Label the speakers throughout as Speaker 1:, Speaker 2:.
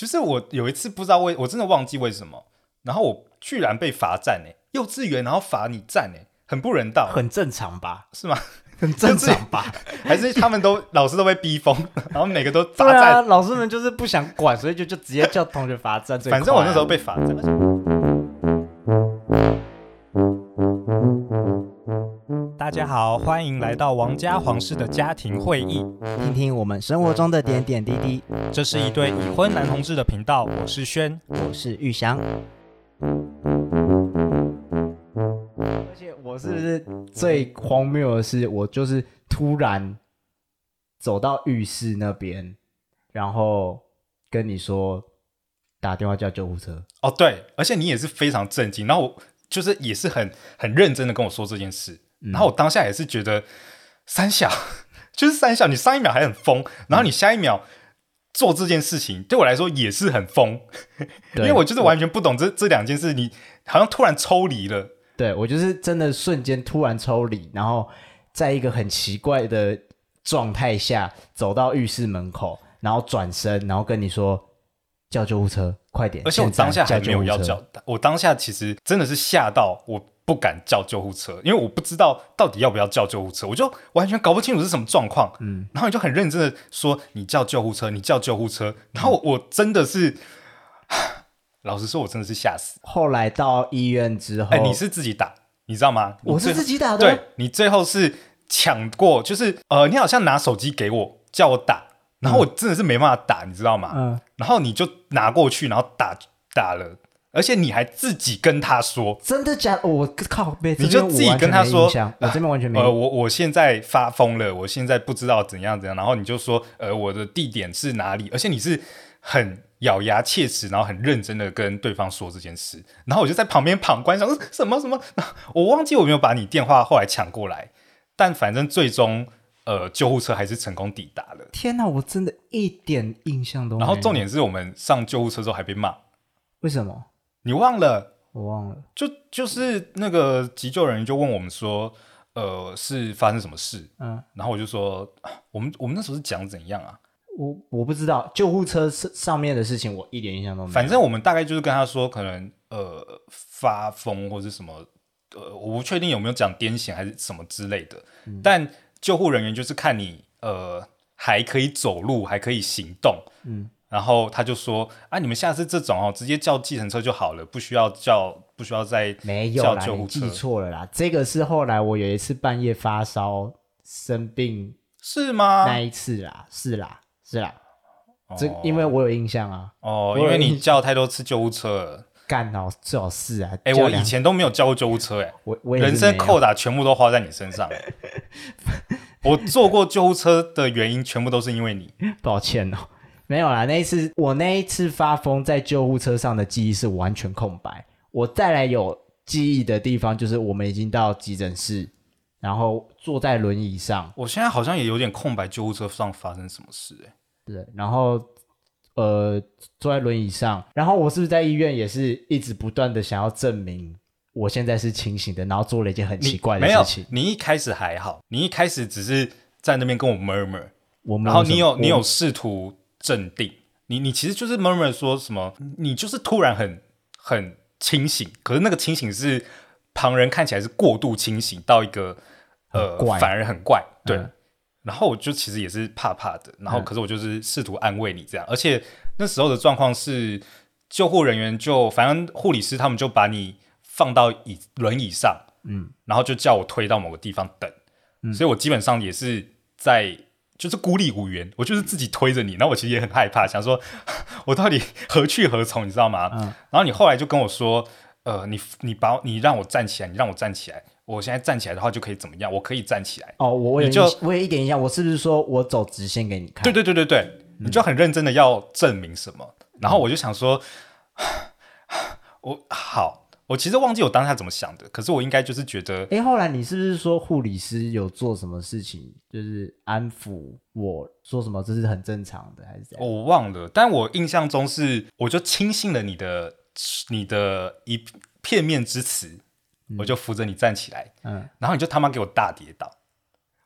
Speaker 1: 其實我有一次不知道為我真的忘記為什麼，然後我居然被罰站誒、欸，幼稚園然後罰你站誒、欸，很不人道，很正常吧？是嗎？很正常吧 幼稚圖？還是他們都老師都被逼瘋，然後每個都罰站、 啊？老師們就是不想管，所以就就直接叫同學罰站。反正我那時候被罰站了。大家好，歡迎來到王家黃室的家庭會議，聽聽
Speaker 2: 我們生活中的點點滴滴。這是一對已婚男同志的頻道，我是軒，我是玉香。而且我是最荒謬的是，我就是突然走到浴室那邊，然後跟你說打電話叫救護車。
Speaker 1: 哦，對，而且你也是非常震驚，然後我就是也是很很認真的跟我說這件事。然後我當下也是覺得三小，就是三小，你上一秒還很瘋，然後你下一秒做這件事情，對我來說也是很
Speaker 2: 瘋，對因為我就是完
Speaker 1: 全不懂這我這兩件事，你好像突然抽離
Speaker 2: 了。對，我就是真的瞬間突然抽離，然後在一個很奇怪的狀態下走到浴室門口，然後轉身，然後跟你說叫救護車，快點！而且我當下還沒有要叫，救救護
Speaker 1: 車，我當下其實真的是嚇到我。不敢叫救護車，因為我不知道到底要不要叫救護車，我就完全搞不清楚是什麼狀況。嗯，然後你就很認真的說：“你叫救護車，你叫救護車。”然後我真的是，嗯、老實說，我真的是嚇死。後來到醫院之後，哎、欸，你是自己打，你知道嗎？我，我是自己打的。對，你最後是搶過，就是呃，你好像拿手機給我叫我打，然後我真的是沒辦法打，你知道嗎？嗯、然後你就拿過去，然後打打了。而且你還自己跟他說，真
Speaker 2: 的假的、哦？我靠！你就自己跟他說，我、啊、呃，
Speaker 1: 我、呃、我現在發瘋了，我現在不知道怎樣怎樣。然後你就說，呃，我的地點是哪裡？而且你是很咬牙切齒，然後很認真的跟對方說這件事。然後我就在旁邊旁觀想，想什麼什麼？我忘記我沒有把你電話後來搶過來，但反正最終，呃，救護車還是成功抵達
Speaker 2: 了。天哪、啊！我真的一點印象都沒有。然後重點
Speaker 1: 是我們上救護車之後還被罵，
Speaker 2: 為什麼？你忘了？我忘了。就就是
Speaker 1: 那個急救人員就問我們說，呃，是發生什麼事？嗯，然後我就說，我們我們那時候是講怎樣啊？我我不知道，救護車上面的事情我
Speaker 2: 一點印象都沒有。反正
Speaker 1: 我們大概就是跟他說，可能，呃，發瘋或者是什麼，呃，我不確定有沒有講癲癇還是什麼之類的。嗯，但救護人員就是看你，呃，還可以走路，還可以行動，嗯。然後他就說：“啊，你們下次這種哦，直接叫計程車就好了，不需要叫，不需要再叫救護車。”記錯
Speaker 2: 了啦，這個是後來我有一次半夜發燒生病是嗎？那一次啦，是啦，是啦。這因為我有印象啊。
Speaker 1: 哦，因為你叫太多次救護車了，幹，
Speaker 2: 最好是啊！哎，我以
Speaker 1: 前都沒有叫過救護車，哎，我我人生扣打全部都花在你身上。我坐過
Speaker 2: 救護車的原因全部都是因為你，抱歉哦。沒有啦，那一次我那一次發瘋在救護車上的記憶是完全空白。我再來有記憶的地方就是我們已經到急診室，然後坐在輪椅上。我現在好像也有點空白，救護車上發生什麼事？對，然後呃坐在輪椅上，然後我是不是在醫院也是一直不斷的想要證明我現在是清醒的，然後做了一件很奇怪的事情。沒
Speaker 1: 有，你一開始還好，你一開始只是在那邊跟我 murmur，然，然後你有我你有試圖。鎮定，你你其實就是慢慢說什麼，你就是突然很很清醒，可是那個清醒是旁人看起來是過度清醒到一個呃，怪反而很怪。對，嗯、然後我就其實也是怕怕的，然後可是我就是試圖安慰你這樣，嗯、而且那時候的狀況是，救護人員就反正護理師他們就把你放到椅輪椅上，嗯，然後就叫我推到某個地方等，嗯、所以我基本上也是在。就是孤立無援，我就是自己推着你，然後我其實也很害怕，想說我到底何去何從，你知道嗎？嗯。然後你後來就跟我說，呃，你你把你讓我站起來，你讓我站起來，我現在站起來的話就可以怎麼樣？我可以站起來。
Speaker 2: 哦，我也就我也一點一樣，我是不是說我走直線給你看？
Speaker 1: 對對對對對，嗯。你就很認真的要證明什麼？然後我就想說，嗯。我好。我其實忘記我當下怎麼想的，可是我應該就是覺得，
Speaker 2: 哎，後來你是不是說護理師有做什麼事情，就是安撫我說什麼，這是很正常的，還是怎樣？我忘了，但我印象中
Speaker 1: 是，我就輕信了你的，你的一片面之詞，嗯、我就扶着你站起來，嗯，然後你就他媽給我大跌倒，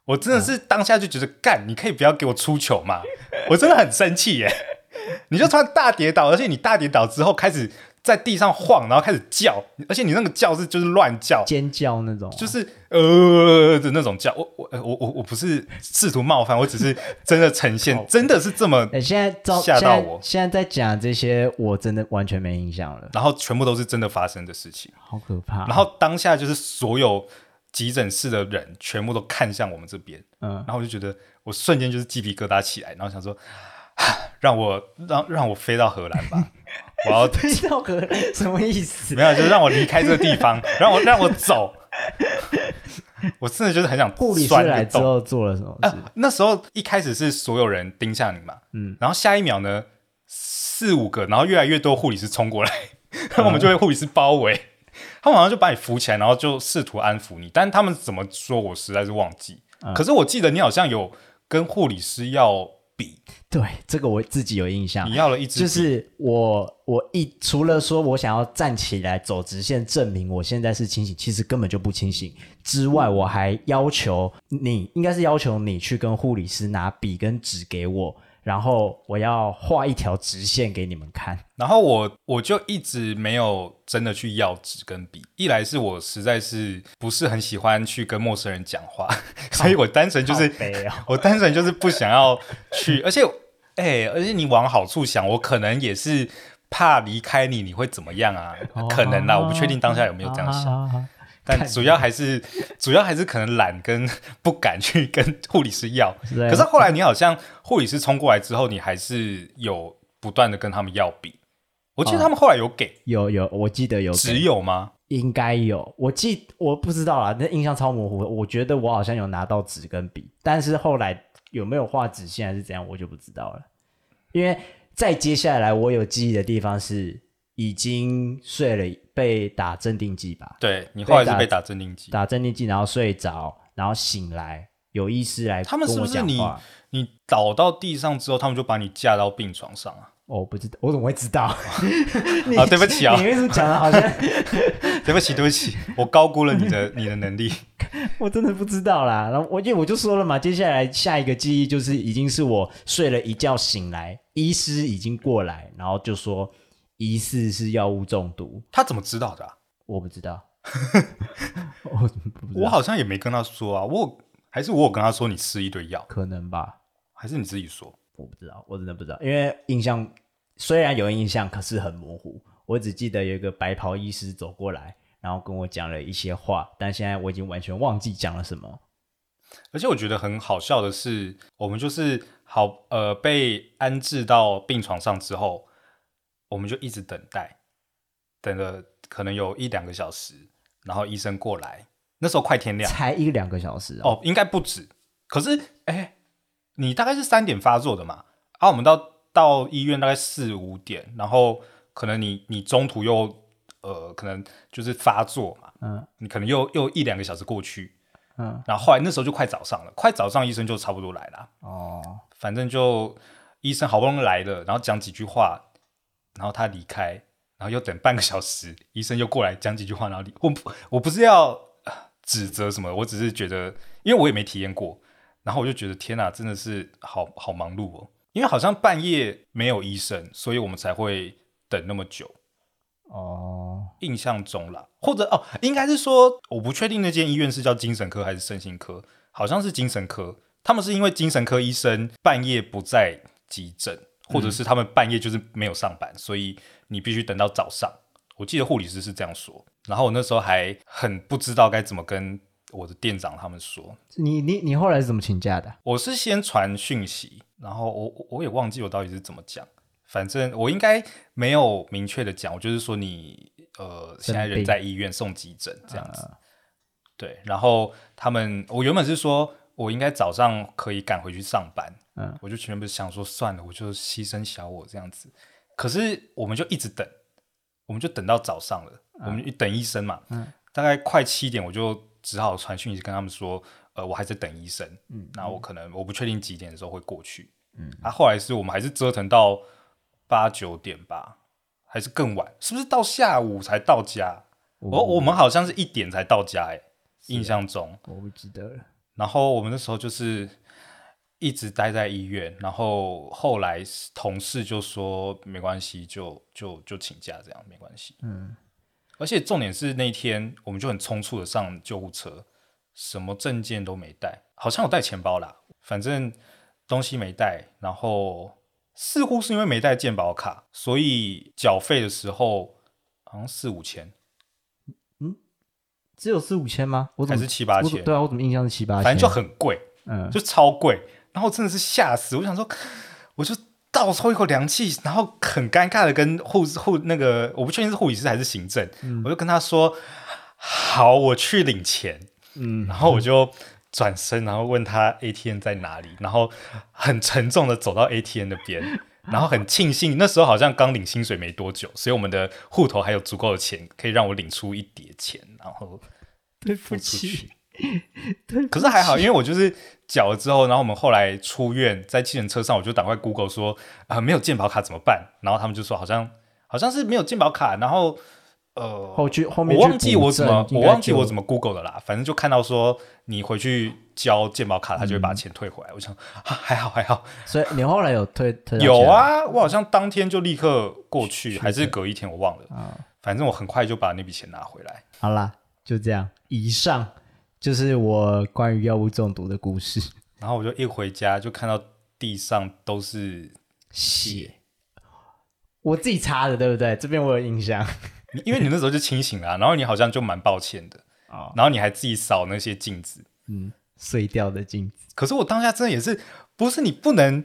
Speaker 1: 我真的是當下就覺得，嗯、幹，你可以不要給我出糗嘛，我真的很生氣耶， 你就突然大跌倒，而且你大跌倒之後開始。在地上晃，然後開始叫，而且你那個叫是就是亂叫、尖叫那種啊，就是呃的那種叫。我我我我不是試圖冒犯，我只是真的呈現， 真的是這麼嚇到我。現
Speaker 2: 在嚇到我，現在在講這些，我真的完全沒印象了。然後全部都是真的發生的事情，好可怕啊。然後當
Speaker 1: 下就是所有急診室的人全部都看向我們這邊，嗯，然後我就覺得我瞬間就是雞皮疙瘩起來，然後想說。讓我讓讓我飛到荷蘭吧！我要 飛
Speaker 2: 到荷蘭，要什麼意
Speaker 1: 思？沒有，就是讓我離開這個地方， 讓我讓我走。我真的就是很想。護理師來之後
Speaker 2: 做了什麼、啊？
Speaker 1: 那時候一開始是所有人盯向你嘛，嗯、然後下一秒呢，四五個，然後越來越多護理師衝過來，嗯、我們就被護理師包圍。嗯、他們好像就把你扶起來，然後就試圖安撫你，但他們怎麼說我，我實在是忘記。嗯、可是我記得你好像有跟護理師要。筆，
Speaker 2: 比對，這個我自己有印象。你要了一支筆，就是我我一，除了說我想要站起來走直線，證明我現在是清醒，其實根本就不清醒之外，我還要求你，應該是要求你去跟護理師拿筆跟紙給我。然後我要畫一條直線給你們看。
Speaker 1: 然後我我就一直沒有真的去要紙跟筆。一來是我實在是不是很喜歡去跟陌生人講話，啊、 所以我單純就是，我單純就是不想要去。 而且，哎、欸，而且你往好處想，我可能也是怕離開你，你會怎麼樣啊？哦、可能啦，啊、我不確定當下有沒有這樣想。啊啊啊啊但主要還是主要還是可能懶跟不敢去跟護理師要。可是後來你好像護理師衝過來之後，你還是有不斷的跟他們要筆。
Speaker 2: 我記得他們後來有給有、 嗯，有有，我記得有，只有嗎？應該有，我記我不知道了，那印象超模糊。我覺得我好像有拿到紙跟筆，但是後來有沒有畫直線還是怎樣，我就不知道了。因為再接下來我有記憶的地方是已經睡了。被打鎮定劑吧，對，你後來是被打鎮定劑，打鎮定劑然後睡着，然後醒來，有醫師來，他們是不是你
Speaker 1: 你倒到地上之後，他們就把你架到病床上啊？
Speaker 2: 哦、我不知道，我怎麼會知道？ 你啊，對不起啊、哦，你為什麼講的好像 對不起，對不起，我
Speaker 1: 高估了你的你的能力，
Speaker 2: 我真的不知道啦。然後我因為我,我就說了嘛，接下來下一個記憶就是已經是我睡了一覺醒來，醫師已經過來，然後就說。疑似是藥物中毒，他怎麼知道的啊？我不知道，
Speaker 1: 我好像也沒跟他說啊。我有，還是我有跟他說你吃一堆藥，可
Speaker 2: 能吧？還是你自己說？我不知道，我真的不知道，因為印象雖然有印象，可是很模糊。我只記得有一個白袍醫師走過來，然後跟我講了一些話，但現在我已經完全忘記講了什麼。
Speaker 1: 而且我覺得很好笑的是，我們就是好，呃，被安置到病床上之後。我們就一直等待，等了可能有一兩個小時，然後醫生過來，那時候快天亮。才一兩個小時哦？哦，應該不止。可是，哎，你大概是三點發作的嘛，然，啊，後我們到到醫院大概四五點，然後可能你你中途又呃，可能就是發作嘛，嗯，你可能又又一兩個小時過去，
Speaker 2: 嗯，
Speaker 1: 然後後來那時候就快早上了，快早上醫生就差不多來了。哦，反正就醫生好不容易來了，然後講幾句話。然後他離開，然後又等半個小時，醫生又過來講幾句話，然後我不我不是要指責什麼，我只是覺得，因為我也沒體驗過，然後我就覺得天哪，真的是好好忙碌哦，因為好像半夜沒有醫生，所以我們才會等那麼久哦。呃、印象中啦，或者哦，應該是說我不確定那間醫院是叫精神科還是身心科，好像是精神科，他們是因為精神科醫生半夜不在急診。或者是他們半夜就是沒有上班，嗯，所以你必須等到早上。我記得護理師是這樣說，然後我那時候還很不知道該怎麼跟我的店長他們說。
Speaker 2: 你你你後來是怎麼請假的？
Speaker 1: 我是先傳訊息，然後我我也忘記我到底是怎麼講，反正我應該沒有明確的講，我就是說你呃現在人在醫院，送急診這樣子。對，然後他們，我原本是說我應該早上可以趕回去上班。嗯，我就全部想說算了，我就犧牲小我這樣子。可是我們就一直等，我們就等到早上了，嗯、我們等醫生嘛。嗯、大概快七點，我就只好傳訊息跟他們說，呃，我還是在等醫生。嗯，那我可能我不確定幾點的時候會過去。嗯，啊，後來是我們還是折騰到八九點吧，還是更晚？是不是到下午才到家？哦、我我們好像是一點才到家誒、欸，印象中、啊、我不記得了。然後我們那時候就是。一直待在醫院，然後後來同事就說沒關係，就就，就請假這樣沒關係。
Speaker 2: 嗯，
Speaker 1: 而且重點是那天我們就很匆促的上救護車，什麼證件都沒帶，好像有帶錢包啦，反正東西沒帶。然後似乎是因為沒帶健保卡，所以繳費的時候好像四五千，嗯，
Speaker 2: 只有四五千嗎？還是七八千？對啊，我怎麼印象是七八千？反正就很貴，嗯，
Speaker 1: 就超貴。然後真的是嚇死，我想說，我就倒抽一口涼氣，然後很尷尬的跟護士、護那個我不確定是護理師還是行政，嗯、我就跟他說：“好，我去領錢。”嗯，然後我就轉身，然後問他 ATM 在哪裡，然後很沉重的走到 ATM 那邊，啊、然後很慶幸那時候好像剛領薪水沒多久，所以我們的戶頭還有足夠的錢可以讓我領出一疊錢，然後
Speaker 2: 對不起，對不起，可是還好，因為我就
Speaker 1: 是。繳了之後，然後我們後來出院，在汽車,車上我就趕快 Google 說啊、呃，沒有健保卡怎麼辦？然後他們就說好像好像是沒有健保卡，然後
Speaker 2: 呃，後去後面我忘記我怎麼我忘記我怎
Speaker 1: 麼 Google 的啦。反正就看到說你回去交健保卡，他就會把錢退回來。嗯、我想還好、啊、還
Speaker 2: 好，還好所以你後來有退退、啊、有啊？
Speaker 1: 我好像當天就立刻過去，是的還是隔一天我忘了，啊、反正我很快就把那筆錢拿回來。
Speaker 2: 好啦，就這樣，以上。就是我關於藥物中毒的故事，
Speaker 1: 然後我就一回家就看到地上都是血，血
Speaker 2: 我自己擦的，對不對？這邊我有印象，因為你那時
Speaker 1: 候就清醒了啊， 然後你好像就蠻抱歉的，哦，然後你還自己掃那些鏡子，嗯。
Speaker 2: 碎掉的鏡子。可是我當下真的也是，
Speaker 1: 不是你不能，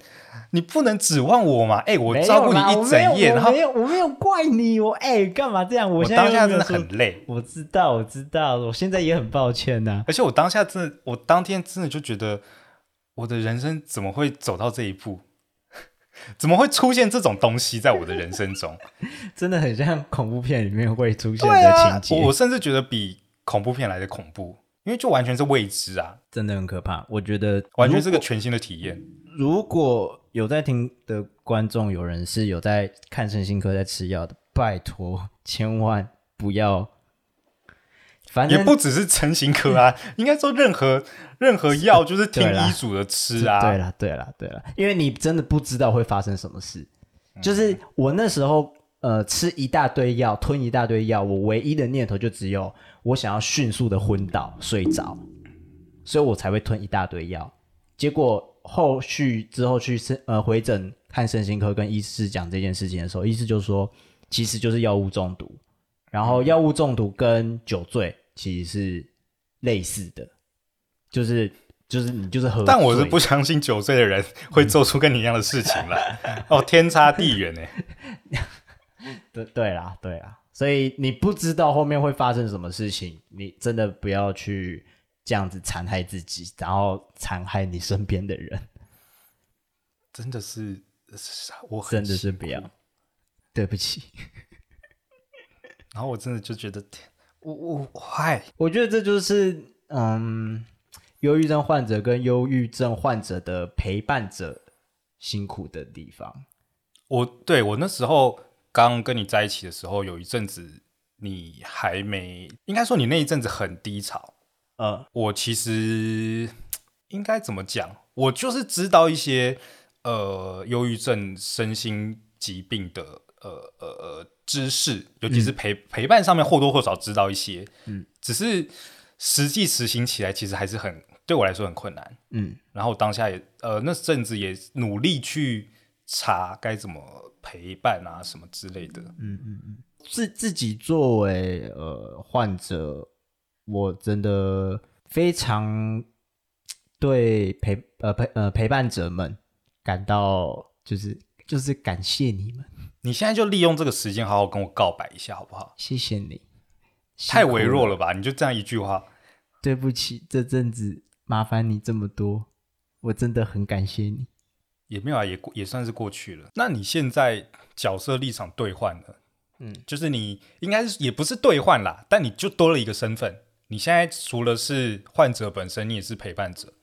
Speaker 1: 你不能指望我嘛？哎、欸，我照顧你一整夜，然後我沒
Speaker 2: 有，我沒有怪你，我哎，幹嘛這樣？我現在我當下真的很
Speaker 1: 累，我知道，我知道，我現在也很抱歉吶。而且我當下真的，我當天真的就覺得，我的人生怎麼會走到這一步？ 怎麼會出現這種東西在我的人生中？
Speaker 2: 真的很像恐怖片裡面會出現的情節，啊，我甚
Speaker 1: 至覺得比恐怖片來的恐怖。因為就完全是未知啊，真的很可怕。我覺得完全是個全新的體驗。
Speaker 2: 如果有在聽的觀眾，有人是有在看身心科在吃藥的，拜託千萬不要。反正也不只是身心科啊， 應該說任何任何藥就是聽醫囑 啦的吃啊。對了，對了，對了，因為你真的不知道會發生什麼事。嗯、就是我那時候。呃，吃一大堆藥，吞一大堆藥，我唯一的念頭就只有我想要迅速的昏倒睡着，所以我才會吞一大堆藥。結果後續之後去呃回診看身心科跟醫師講這件事情的時候，醫師就說，其實就是藥物中毒，然後藥物中毒跟酒醉其實是類似的，就是就是你就是喝。但我是不相信酒醉的人會做出跟你一樣的事情來，嗯、 哦，天差地遠呢。 對對啦，對啦，所以你不知道後面會發生什麼事情，你真的不要去這樣子殘害自己，然後殘害你身邊的人，
Speaker 1: 真的是，是
Speaker 2: 我真的是不要，對不起。 然後我真的就覺得，我我快，我覺得這就是嗯，憂鬱症患者跟憂鬱症患者的陪伴者辛苦的地方。
Speaker 1: 我對我那時候。剛跟你在一起的時候，有一陣子你還沒，應該說你那一陣子很低潮。嗯，我其實應該怎麼講？我就是知道一些呃，憂鬱症、身心疾病的呃呃知識，尤其是陪、嗯、陪伴上面或多或少知道一些。嗯，只是實際實行起來，其實還是很對我來說很困難。嗯，然後當下也呃那陣子也努力去查該怎麼。陪伴啊，什麼之類的。
Speaker 2: 嗯嗯嗯，自自己作為呃患者，我真的非常對陪呃陪呃陪伴者們感到就是就是感謝你們。你現在就利
Speaker 1: 用這個時間好好跟我告白一下，好不好？
Speaker 2: 謝謝你，太微弱了
Speaker 1: 吧？你就這樣一句話。
Speaker 2: 對不起，這陣子麻煩你這麼多，我真的很感謝你。
Speaker 1: 也沒有啊，也也算是過去了。那你現在角色立場兌換了，嗯，就是你應該是也不是兌換啦，但你就多了一個身份。你現在除了是患者本身，你也是陪伴者。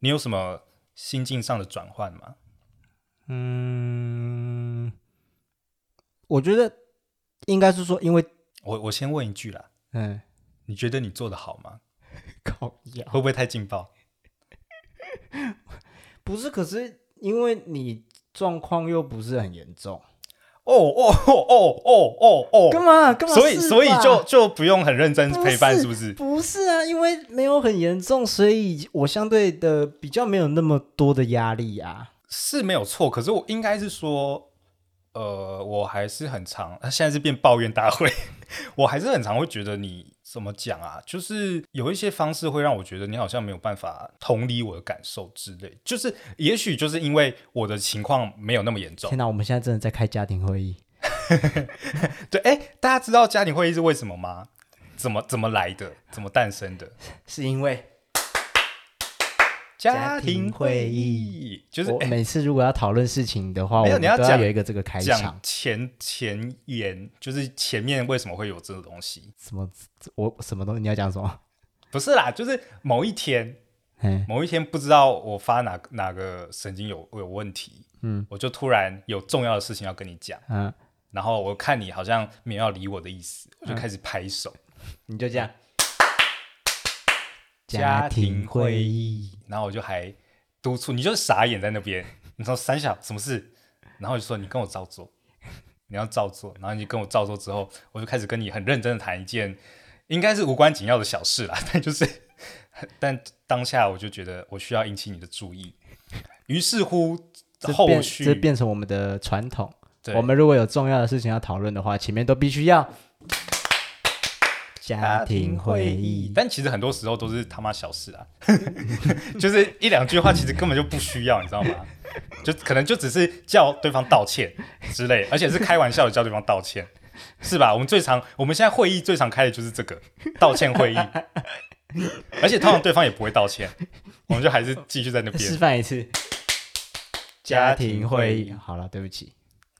Speaker 1: 你有什麼心境上的轉換嗎？
Speaker 2: 嗯，
Speaker 1: 我覺得應該是說，因為我我先問一句啦，嗯，你覺得你做
Speaker 2: 得好嗎？搞藥會不會太勁爆？ 不是，可是。因為你狀況又不是很嚴重，哦哦哦哦哦哦，幹嘛幹嘛？所以是吧？所以就就不
Speaker 1: 用很認真陪伴是是，是
Speaker 2: 不是？不是啊，因為沒有很嚴重，所以我相對的比較沒有那麼多的壓力啊。
Speaker 1: 是沒有錯，可是我應該是說，呃，我還是很常，現在是變抱怨大會，我還是很常會覺得你。怎麼講啊？就是有一些方式會讓我覺得你好像沒有辦法同理我的感受之類。就是也許就是因為我的情況沒有那麼嚴重。天吶，
Speaker 2: 我們現在真的在開家庭會議。
Speaker 1: 對，誒，大家知道家庭會議是為什麼嗎？怎麼怎麼來的？怎麼誕生的？是因為。
Speaker 2: 家庭會議，家庭會議就是每次如果要討論事情的話，誒我要個個你要講有
Speaker 1: 前前言，就是前面為什麼會有這個東西？
Speaker 2: 什麼我什麼東西？你要講什麼？
Speaker 1: 不是啦，就是某一天，嘿某一天不知道我發哪哪個神經有有問題，嗯，我就突然有重要的事情要跟你講，嗯、啊，然後我看你好像沒有要理我的意思，我就開始拍手，啊、你就這樣，嗯、家庭會議。然後我就還督促你，就傻眼在那邊。你說：“三小什麼事？”然後就說：“你跟我照做，你要照做。”然後你跟我照做之後，我就開始跟你很認真的談一件，應該是無關緊要的小事啦。但就是，但當下我就覺得我需要引起你的注意。
Speaker 2: 於是乎，後續這變，這變成我們的傳統。對。我們如果有重要的事情要討論的話，前面都必須要。家庭會議，
Speaker 1: 但其實很多時候都是他媽小事啊，就是一兩句話，其實根本就不需要，你知道嗎？就可能就只是叫對方道歉之類，而且是開玩笑的叫對方道歉，是吧？我們最常我們現在會議最常開的就是這個道歉會議，而且通常對方也不會道歉，我們就還是繼續在那邊示範一次。家庭會議，好啦，對不起，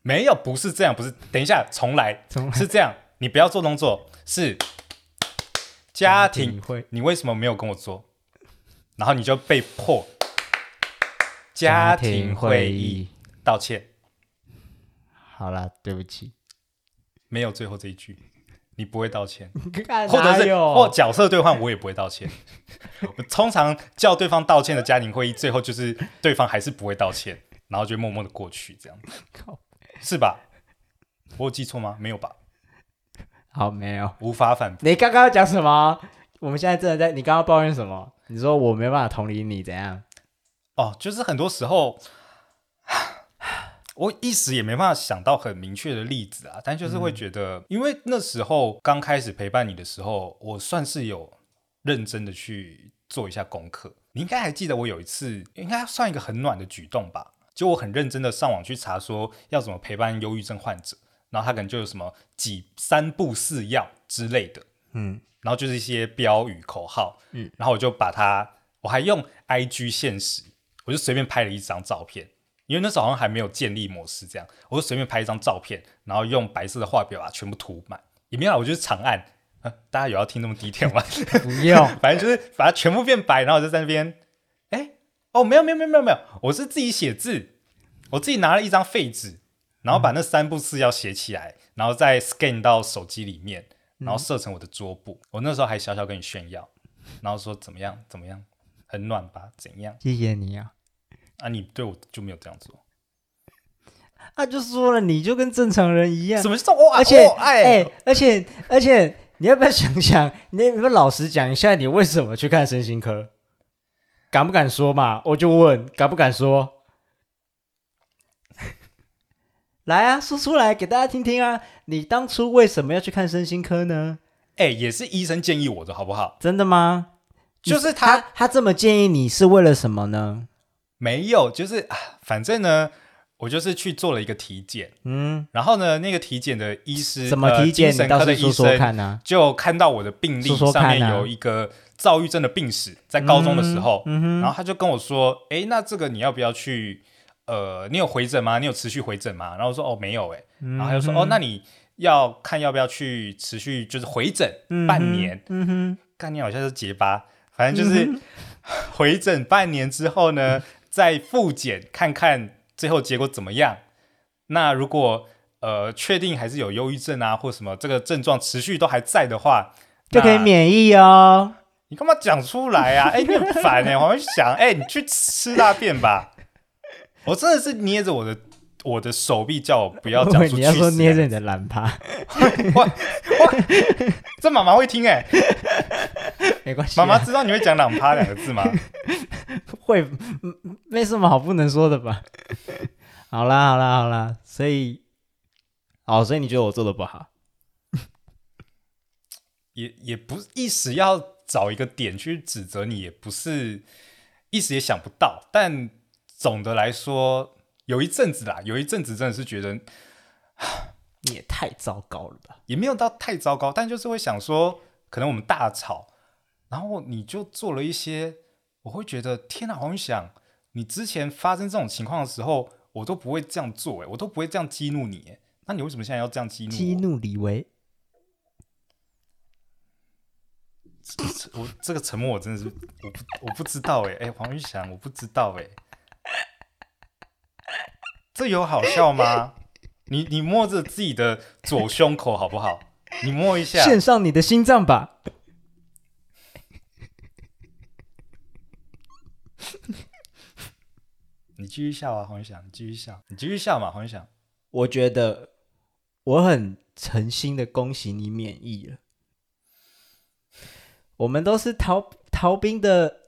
Speaker 1: 沒有，不是這樣，不是，等一下，重來，是這樣，你不要做動作，是。家庭會，你為什麼沒有跟我做？然後你就被迫 家庭會議道歉。
Speaker 2: 好了，對不起，
Speaker 1: 沒有最後這一句，你不會道歉，或者是或者角色對換，我也不會道歉。 我通常叫對方道歉的家庭會議，最後就是對方還是不會道歉，然後就默默的過去這樣子，是吧？我
Speaker 2: 有記錯嗎？沒有吧？好、哦，沒有，無法反駁。你剛剛講什麼？我們現在真的在，你剛剛抱怨什麼？你說我沒辦法同理你，怎樣？哦，就是很
Speaker 1: 多時候，我一時也沒辦法想到很明確的例子啊，但就是會覺得，嗯、因為那時候剛開始陪伴你的時候，我算是有認真的去做一下功課。你應該還記得，我有一次應該算一個很暖的舉動吧？就我很認真的上網去查，說要怎麼陪伴憂鬱症患者。然後他可能就有什麼幾三不四要之類的，嗯，然後就是一些標語口號，嗯，然後我就把它，我還用 IG 限時，我就隨便拍了一張照片，因為那時候好像還沒有建立模式，這樣我就隨便拍一張照片，然後用白色的畫筆把它全部塗滿。也沒有，我就是長按，啊、大家有要聽那麼 detail 嗎？ 不要，反正就是把它全部變白，然後我就在那邊，哎，哦，沒有沒有沒有沒有沒有，我是自己寫字，我自己拿了一張廢紙。然後把那三部四要寫起來，嗯、然後再 scan 到手機裡面，然後設成我的桌布。嗯、我那時候還小小跟你炫耀，然後說怎麼樣怎麼樣，很暖吧？怎樣？
Speaker 2: 謝謝你啊！
Speaker 1: 啊，你對我就沒有這樣做？
Speaker 2: 那就說了，你就跟正常人一樣。什麼？而且，哎、欸，而且，而且，你要不要想想？你，你要不要老實講一下，你為什麼去看身心科？敢不敢說嘛？我就問，敢不敢說？來啊，說出來給大家聽聽啊！你當初為什麼要去看身心科呢？哎，也是醫生建議我的，好不好？真的嗎？就是他，他，他這麼建議你是為了什麼呢？沒
Speaker 1: 有，就是反正呢，我就是去做了一個體檢，嗯，然後呢，那個體檢的醫師，什麼體檢、呃？你倒是說說看啊？就看到我的病歷上面有一個躁鬱症的病史，在高中的時候，嗯哼，然後他就跟我說，哎，那這個你要不要去？呃，你有回診嗎？你有持續回診嗎？然後說哦沒有哎，嗯、哼然後又說哦那你要看要不要去持續就是回診半年，概念、嗯嗯、好像是結巴，反正就是回診半年之後呢，嗯、哼再複檢看看最後結果怎麼樣。那如果呃確定還是有憂鬱症啊，或什麼這個症狀持續都還在的話，
Speaker 2: 就可以免役哦。你
Speaker 1: 幹嘛講出來啊？哎、欸，你很煩哎、欸，我會想哎、 欸，你去吃大便吧。我真的是捏着我的我的手臂，叫我不要講出去。你要說
Speaker 2: 捏着你的懶趴，這媽媽會聽哎、欸，沒關係、啊。媽媽知道你會講“懶趴”兩個字嗎？會，沒什麼好不能說的吧。好啦，好啦，好啦。所以，哦，所以你覺得我做的不好？也也不一時要
Speaker 1: 找一個點去指責你，也不是一時也想不到，但。總的來說，有一陣子啦，有一陣子真的是覺得，你也太糟糕了吧？也沒有到太糟糕，但就是會想說，可能我們大吵，然後你就做了一些，我會覺得天哪！黃宇軒，你之前發生這種情況的時候，我都不會這樣做，哎，我都不會這樣激怒你，那你為什麼現在要這樣激怒你？激
Speaker 2: 怒李維？
Speaker 1: 我這個沉默，我真的是，我不，我不知道，哎，哎，黃宇軒，我不知道，哎。這有好笑嗎？ 你你摸着自己的左胸口好不好？
Speaker 2: 你摸一下，獻上你的心臟吧！
Speaker 1: 你繼續笑啊，黃宇軒！你繼續笑，你繼續笑嘛，黃宇軒！
Speaker 2: 我覺得我很誠心的恭喜你免役了。我們都是逃逃兵的，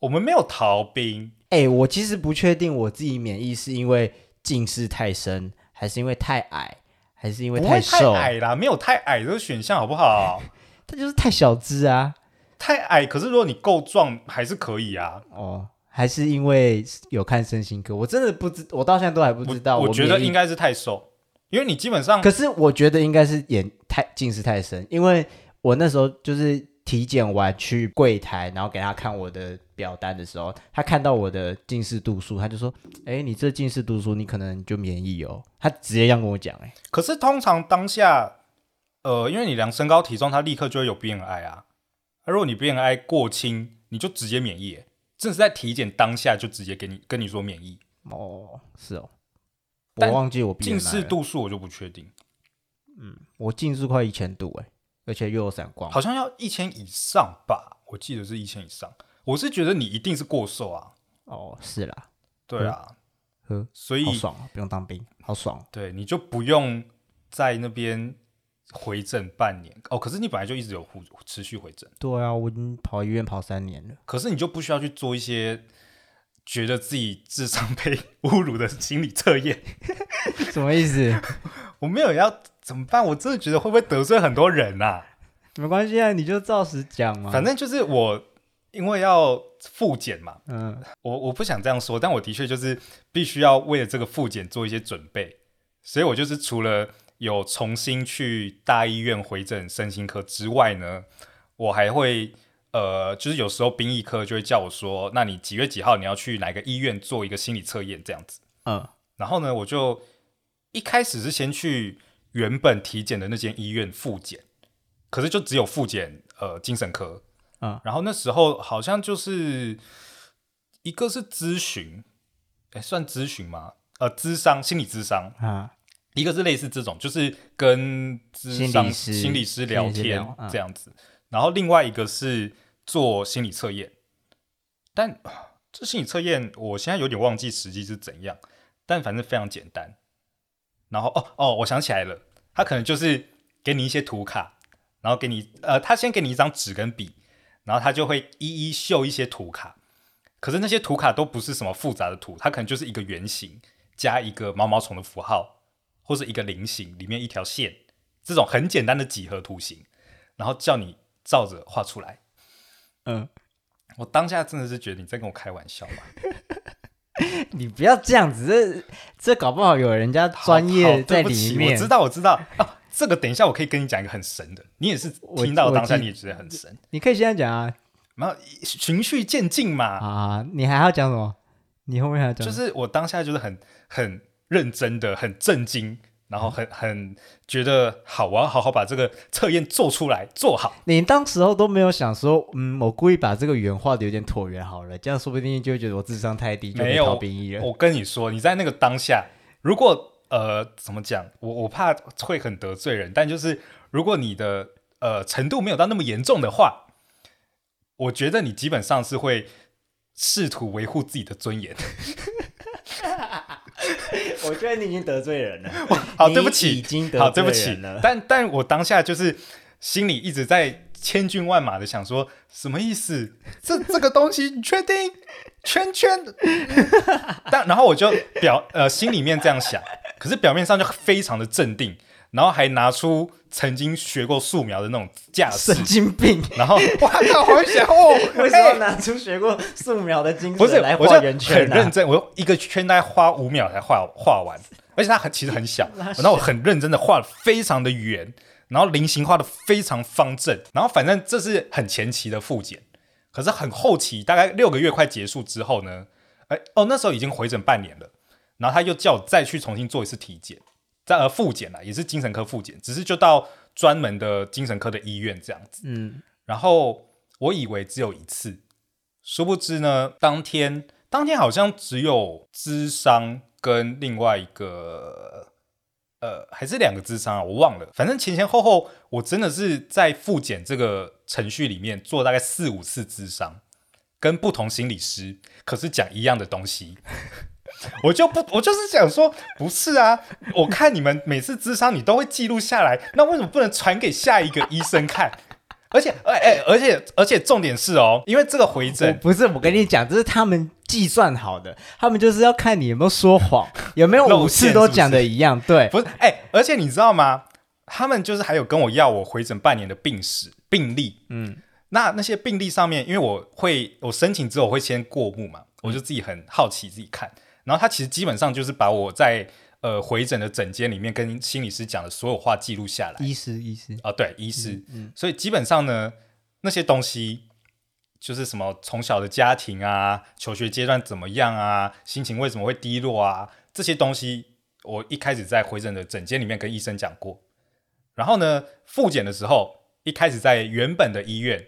Speaker 2: 我們沒有逃兵。哎，我其實不確定我自己免役是因為。近視太深，還是因為太矮，還是因為太瘦？太矮啦，沒有太矮這個選項，好不好？ 他就是太小只啊，
Speaker 1: 太矮。可是如果你夠壯，還是可以啊。哦，
Speaker 2: 還是因為有看身心科，我真的不知，我到現在都還不知道。我，我覺得應該
Speaker 1: 是太瘦，面因為你基本上。可是
Speaker 2: 我覺得應該是眼太近視太深，因為我那時候就是。體檢完去櫃檯，然後給他看我的表單的時候，他看到我的近視度數，他就說：“哎，你這近視度數，你可能就免疫哦。”他直接這樣跟我講：“哎，可是通
Speaker 1: 常當下，呃，因為你量身高體重，他立刻就會有 BMI 啊。如果你 BMI 過輕，你就直接免疫，正是在體檢當下就直接給你跟你說免疫哦，哦，哦。是
Speaker 2: 哦，我忘記我 BMI 了，近視度
Speaker 1: 數，我就不確定。嗯，
Speaker 2: 我近視快一千度哎。”而且又有閃光，好像
Speaker 1: 要一千以上吧？我記得是一千以上。我是覺得你一定是過瘦啊！哦，是啦，對
Speaker 2: 啊啦，呵呵，所以好爽，啊，不用當兵，好爽啊。
Speaker 1: 對，你就不用在那邊回診半年。哦，可是你本來就一直有持續回診。
Speaker 2: 對啊，我已經跑醫院跑三年了。
Speaker 1: 可是你就不需要去做一些覺得自己智商被侮辱的心理測驗。 什麼意思？ 我沒有要。怎麼辦？我真的覺得會不會得罪很多人啊？沒關係啊，你就照實講嘛。反正就是我因為要複檢嘛，嗯，我我不想這樣說，但我的確就是必須要為了這個複檢做一些準備，所以我就是除了有重新去大醫院回診身心科之外呢，我還會呃，就是有時候兵役科就會叫我說，那你幾月幾號你要去哪個醫院做一個心理測驗這樣子。嗯，然後呢，我就一開始是先去。原本體檢的那間醫院複檢，可是就只有複檢呃精神科，嗯、然後那時候好像就是一個是諮詢，誒算諮詢嗎？呃諮商，心理諮商啊，一個是類似這種，就是跟諮商心理，心理師聊天師聊，嗯、這樣子。然後另外一個是做心理測驗，但這心理測驗我現在有點忘記實際是怎樣，但反正非常簡單。然後哦哦，我想起來了，他可能就是給你一些圖卡，然後給你呃，他先給你一張紙跟筆，然後他就會一一秀一些圖卡。可是那些圖卡都不是什麼複雜的圖，它可能就是一個圓形加一個毛毛蟲的符號，或是一個菱形裡面一條線，這種很簡單的幾何圖形，然後叫你照着畫出來。
Speaker 2: 嗯，
Speaker 1: 我當下真的是覺得你在跟我開玩笑嘛。
Speaker 2: 你不要這樣子，這這搞不好有人家專業在裡面。對不起。我知道，我知道、哦、這個等一下我可以跟你講一個很神的，你也是聽到當下你也覺得很神，你可以現在講啊，然後循序漸進嘛啊，你還要講什麼？你後面還要講，就是
Speaker 1: 我當下就是很很認真的，很震驚。然後很很覺得好玩，好好把這個測驗做出來，做好。
Speaker 2: 你當時候都沒有想說，嗯，我故意把這個圓畫得有點橢圓好了，這樣說不定就會覺得我智商太低，沒有，就逃兵
Speaker 1: 役了。我跟你說，你在那個當下，如果呃怎麼講，我我怕會很得罪人，但就是如果你的呃程度沒有到那麼嚴重的話，我覺得你基本上是會試圖維護自己的尊嚴。
Speaker 2: 我覺得你已經得罪人了，好 對不起，好對不起
Speaker 1: 但但我當下就是心裡一直在千軍萬馬的想說，什麼意思？這這個東西 你確定？圈圈？ 但然後我就表呃心裡面這樣想，可是表面上就非常的鎮定。然後還拿出曾經學過素描的那種架勢，神經病！然後哇靠，我想，哦，為什麼
Speaker 2: 拿出學過素描的精神來畫圓圈啊，不是，我就很認
Speaker 1: 真，我就一個圈大概花五秒才畫畫完，而且它很其實很小，小然後我很認真的畫，非常的圓，然後菱形畫的非常方正，然後反正這是很前期的複檢，可是很後期，大概六個月快結束之後呢，哎哦，那時候已經回診半年了，然後他又叫我再去重新做一次體檢。但而複檢啦，也是精神科複檢，只是就到專門的精神科的醫院這樣子。嗯，然後我以為只有一次，殊不知呢，當天當天好像只有諮商，跟另外一個呃還是兩個諮商啊，我忘了。反正前前後後，我真的是在複檢這個程序裡面做大概四五次諮商，跟不同心理師，可是講一樣的東西。 我就不，我就是想說，不是啊，我看你們每次諮商，你都會記錄下來，那為什麼不能傳給下一個醫生看？ 而且，而，哎，而且，而且重
Speaker 2: 點是哦，因為這個回診不是我跟你講，對這是他們計算好的，他們就是要看你有沒有說謊， 有沒有五次都講的一樣，是是對，不是哎、欸，而且你知道嗎？
Speaker 1: 他們就是還有跟我要我回診半年的病史、病例。嗯，那那些病例上面，因為我會我申請之後我會先過目嘛，嗯、我就自己很好奇，自己看。然後他其實基本上就是把我在呃回診的診間裡面跟心理師講的所有話記錄下來。
Speaker 2: 醫師醫師
Speaker 1: 啊，對醫師，所以基本上呢，那些東西就是什麼從小的家庭啊、求學階段怎麼樣啊、心情為什麼會低落啊，這些東西我一開始在回診的診間裡面跟醫生講過，然後呢複檢的時候，一開始在原本的醫院、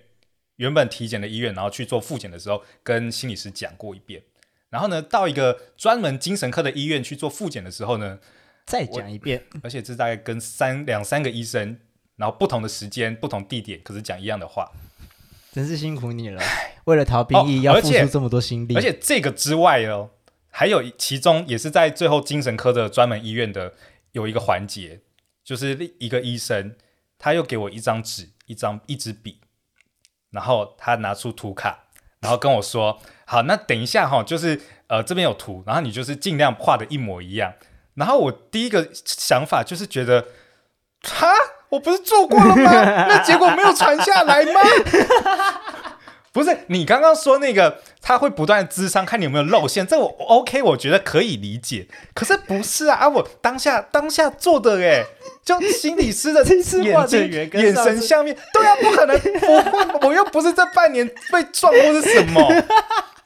Speaker 1: 原本體檢的醫院，然後去做複檢的時候，跟心理師講過一遍。然後呢，到一個專門精神科的醫院去做複檢的時候呢，再講一遍。而且這大概跟三兩三個醫生，然後不同的時間、不同地點，可是講一樣的話，
Speaker 2: 真是辛苦你了。唉為了逃兵役，而、哦、要付出這麼多心力而。而且
Speaker 1: 這個之外哦，還有其中也是在最後精神科的專門醫院的有一個環節，就是一個醫生他又給我一張紙、一張一支筆，然後他拿出圖卡。然後跟我說，好，那等一下哈、哦，就是呃這邊有圖，然後你就是盡量畫的一模一樣。然後我第一個想法就是覺得，
Speaker 2: 哈，我不是做過了嗎？ 那結果沒有傳下來嗎？
Speaker 1: 不是你剛剛說那個他會不斷的諮商，看你有沒有露餡。這我 OK，我覺得可以理解。可是不是啊啊！我當下當下做的哎、欸，就心理師的眼睛、的眼神下面都要不可能不，我 我又不是這半年被撞過是什麼？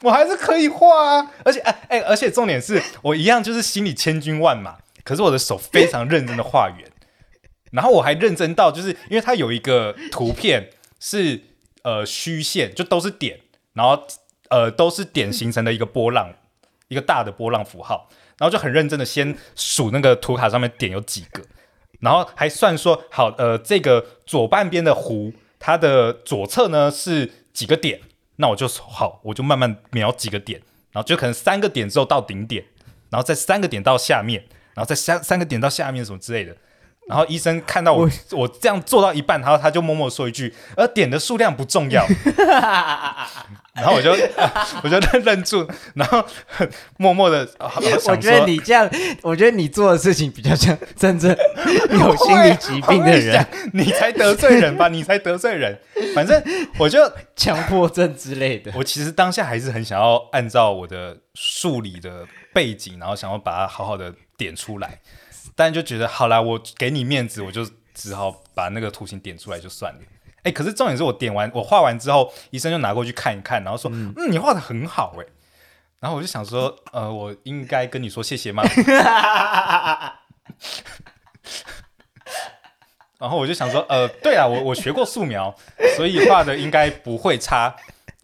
Speaker 1: 我還是可以畫啊！而且哎哎、欸，而且重點是我一樣就是心裡千軍萬馬，可是我的手非常認真的畫圓，欸、然後我還認真到就是因為它有一個圖片是。呃，虛線就都是點，然後呃都是點形成的一個波浪，嗯、一個大的波浪符號，然後就很認真的先數那個圖卡上面點有幾個，然後還算說好，呃，這個左半邊的弧，它的左側呢是幾個點，那我就好，我就慢慢描幾個點，然後就可能三個點之後到頂點，然後再三個點到下面，然後再三三個點到下面什麼之類的。然後醫生看到我，我，我這樣做到一半，然後他就默默說一句：“而點的數量不重要。”
Speaker 2: 然後我就、 啊、
Speaker 1: 我就愣住，然後默默的。哦、說我覺得你
Speaker 2: 這樣，我覺得你做的事情比較像真正有心理疾病的人，你才得罪人吧？ 你才得罪人。反正我就強
Speaker 1: 迫症之類的。我其實當下還是很想要按照我的數理的背景，然後想要把它好好的點出來。但就覺得好啦，我給你面子，我就只好把那個圖形點出來就算了。誒，可是重點是我點完、我畫完之後，醫生就拿過去看一看，然後說：“嗯,嗯，你畫的很好，誒，然後我就想說：“呃，我應該跟你說謝謝嗎？” 然後我就想說：“呃，對啊，我我學過素描，所以畫的應該不會差。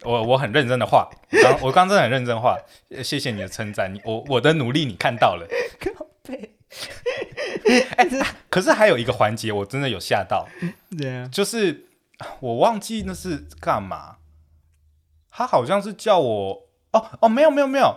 Speaker 1: 我我很認真的畫，然後我我剛,剛真的很認真畫。謝謝你的稱讚，你我我的努力你看到了，
Speaker 2: 欸、
Speaker 1: 可是還有一個環節，我真的有嚇到。對啊，就是我忘記那是幹嘛。他好像是叫我哦哦，沒有沒有沒有，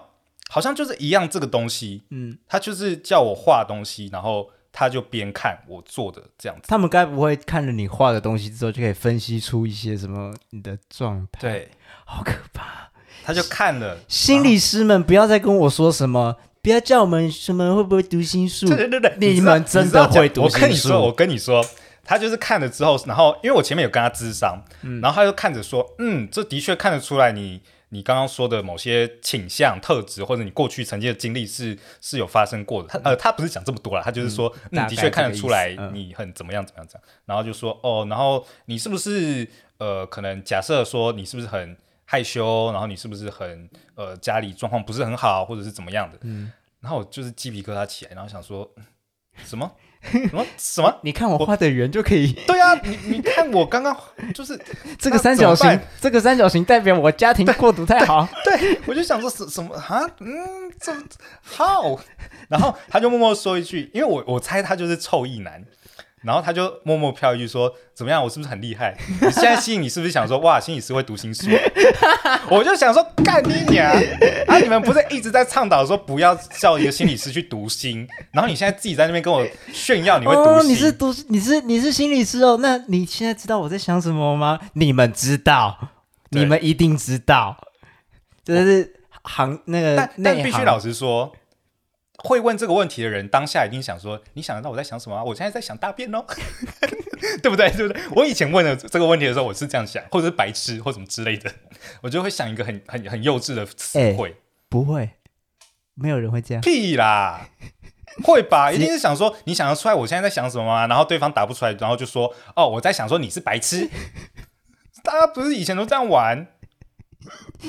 Speaker 1: 好像就是一樣這個東西。嗯，他就是叫我畫東西，然後他就邊看我做的
Speaker 2: 這樣子。他們該不會看了你畫的東西之後，就可以分析出一些什麼你的狀
Speaker 1: 態？對，好可怕。他就看了。
Speaker 2: 心理師們不要再跟我說什麼。 不要叫我們什麼會不會讀心術？對對對，你，你們真的會讀心術。我跟你說，我跟
Speaker 1: 你說，他就是看了之後，然後因為我前面有跟他諮商，嗯、然後他就看着說，嗯，這的確看得出來你你剛剛說的某些傾向特質或者你過去曾經的經歷是是有發生過的。他呃，他不是講這麼多啦，他就是說，你、嗯嗯、的確看得出來你很怎麼樣怎麼樣這樣，嗯、然後就說哦，然後你是不是呃，可能假設說你是不是很。害羞，然後你是不是很呃，家裡狀況不是很好，或者是怎麼樣的？嗯，然後我就是雞皮疙瘩起來，然後想說什麼什麼什麼？你看我
Speaker 2: 畫的圓就可以？對啊。你你看我剛剛就是 這個三角形，這個三角形代表我家庭過得不太好對。
Speaker 1: 對、對、對，我就想說什什麼啊？嗯，這 how？然後他就默默說一句，因為我我猜他就是臭異男。然後他就默默飄一句說：“怎麼樣，我是不是很厲害？你現在心裡是不是想說， 哇，心理師會讀心術？ 我就想說， 幹你娘！啊，你們不是一直在倡導說不要叫一個心理師去讀心， 然後你現在自己在那邊跟我炫耀你會讀心？哦、你是
Speaker 2: 讀，你是你是心理師哦？那你現在知道我在想什麼嗎？你們知道，對你們一定知道，就是行那個內行但，但你必須老實說。”
Speaker 1: 會問這個問題的人，當下一定想說：“你想得到我在想什麼？我現在在想大便哦， 對不對？對不對？我以前問的這個問題的時候，我是這樣想，或者是白痴或者什麼之類的，我就會想一個很很很幼稚的詞彙。
Speaker 2: 欸”不會，沒有人會這樣。屁
Speaker 1: 啦，會吧？一定是想說：“你想得出來，我現在在想什麼嗎？”然後對方答不出來，然後就說：“哦，我在想說你是白痴。” 大家不是以前都這樣玩？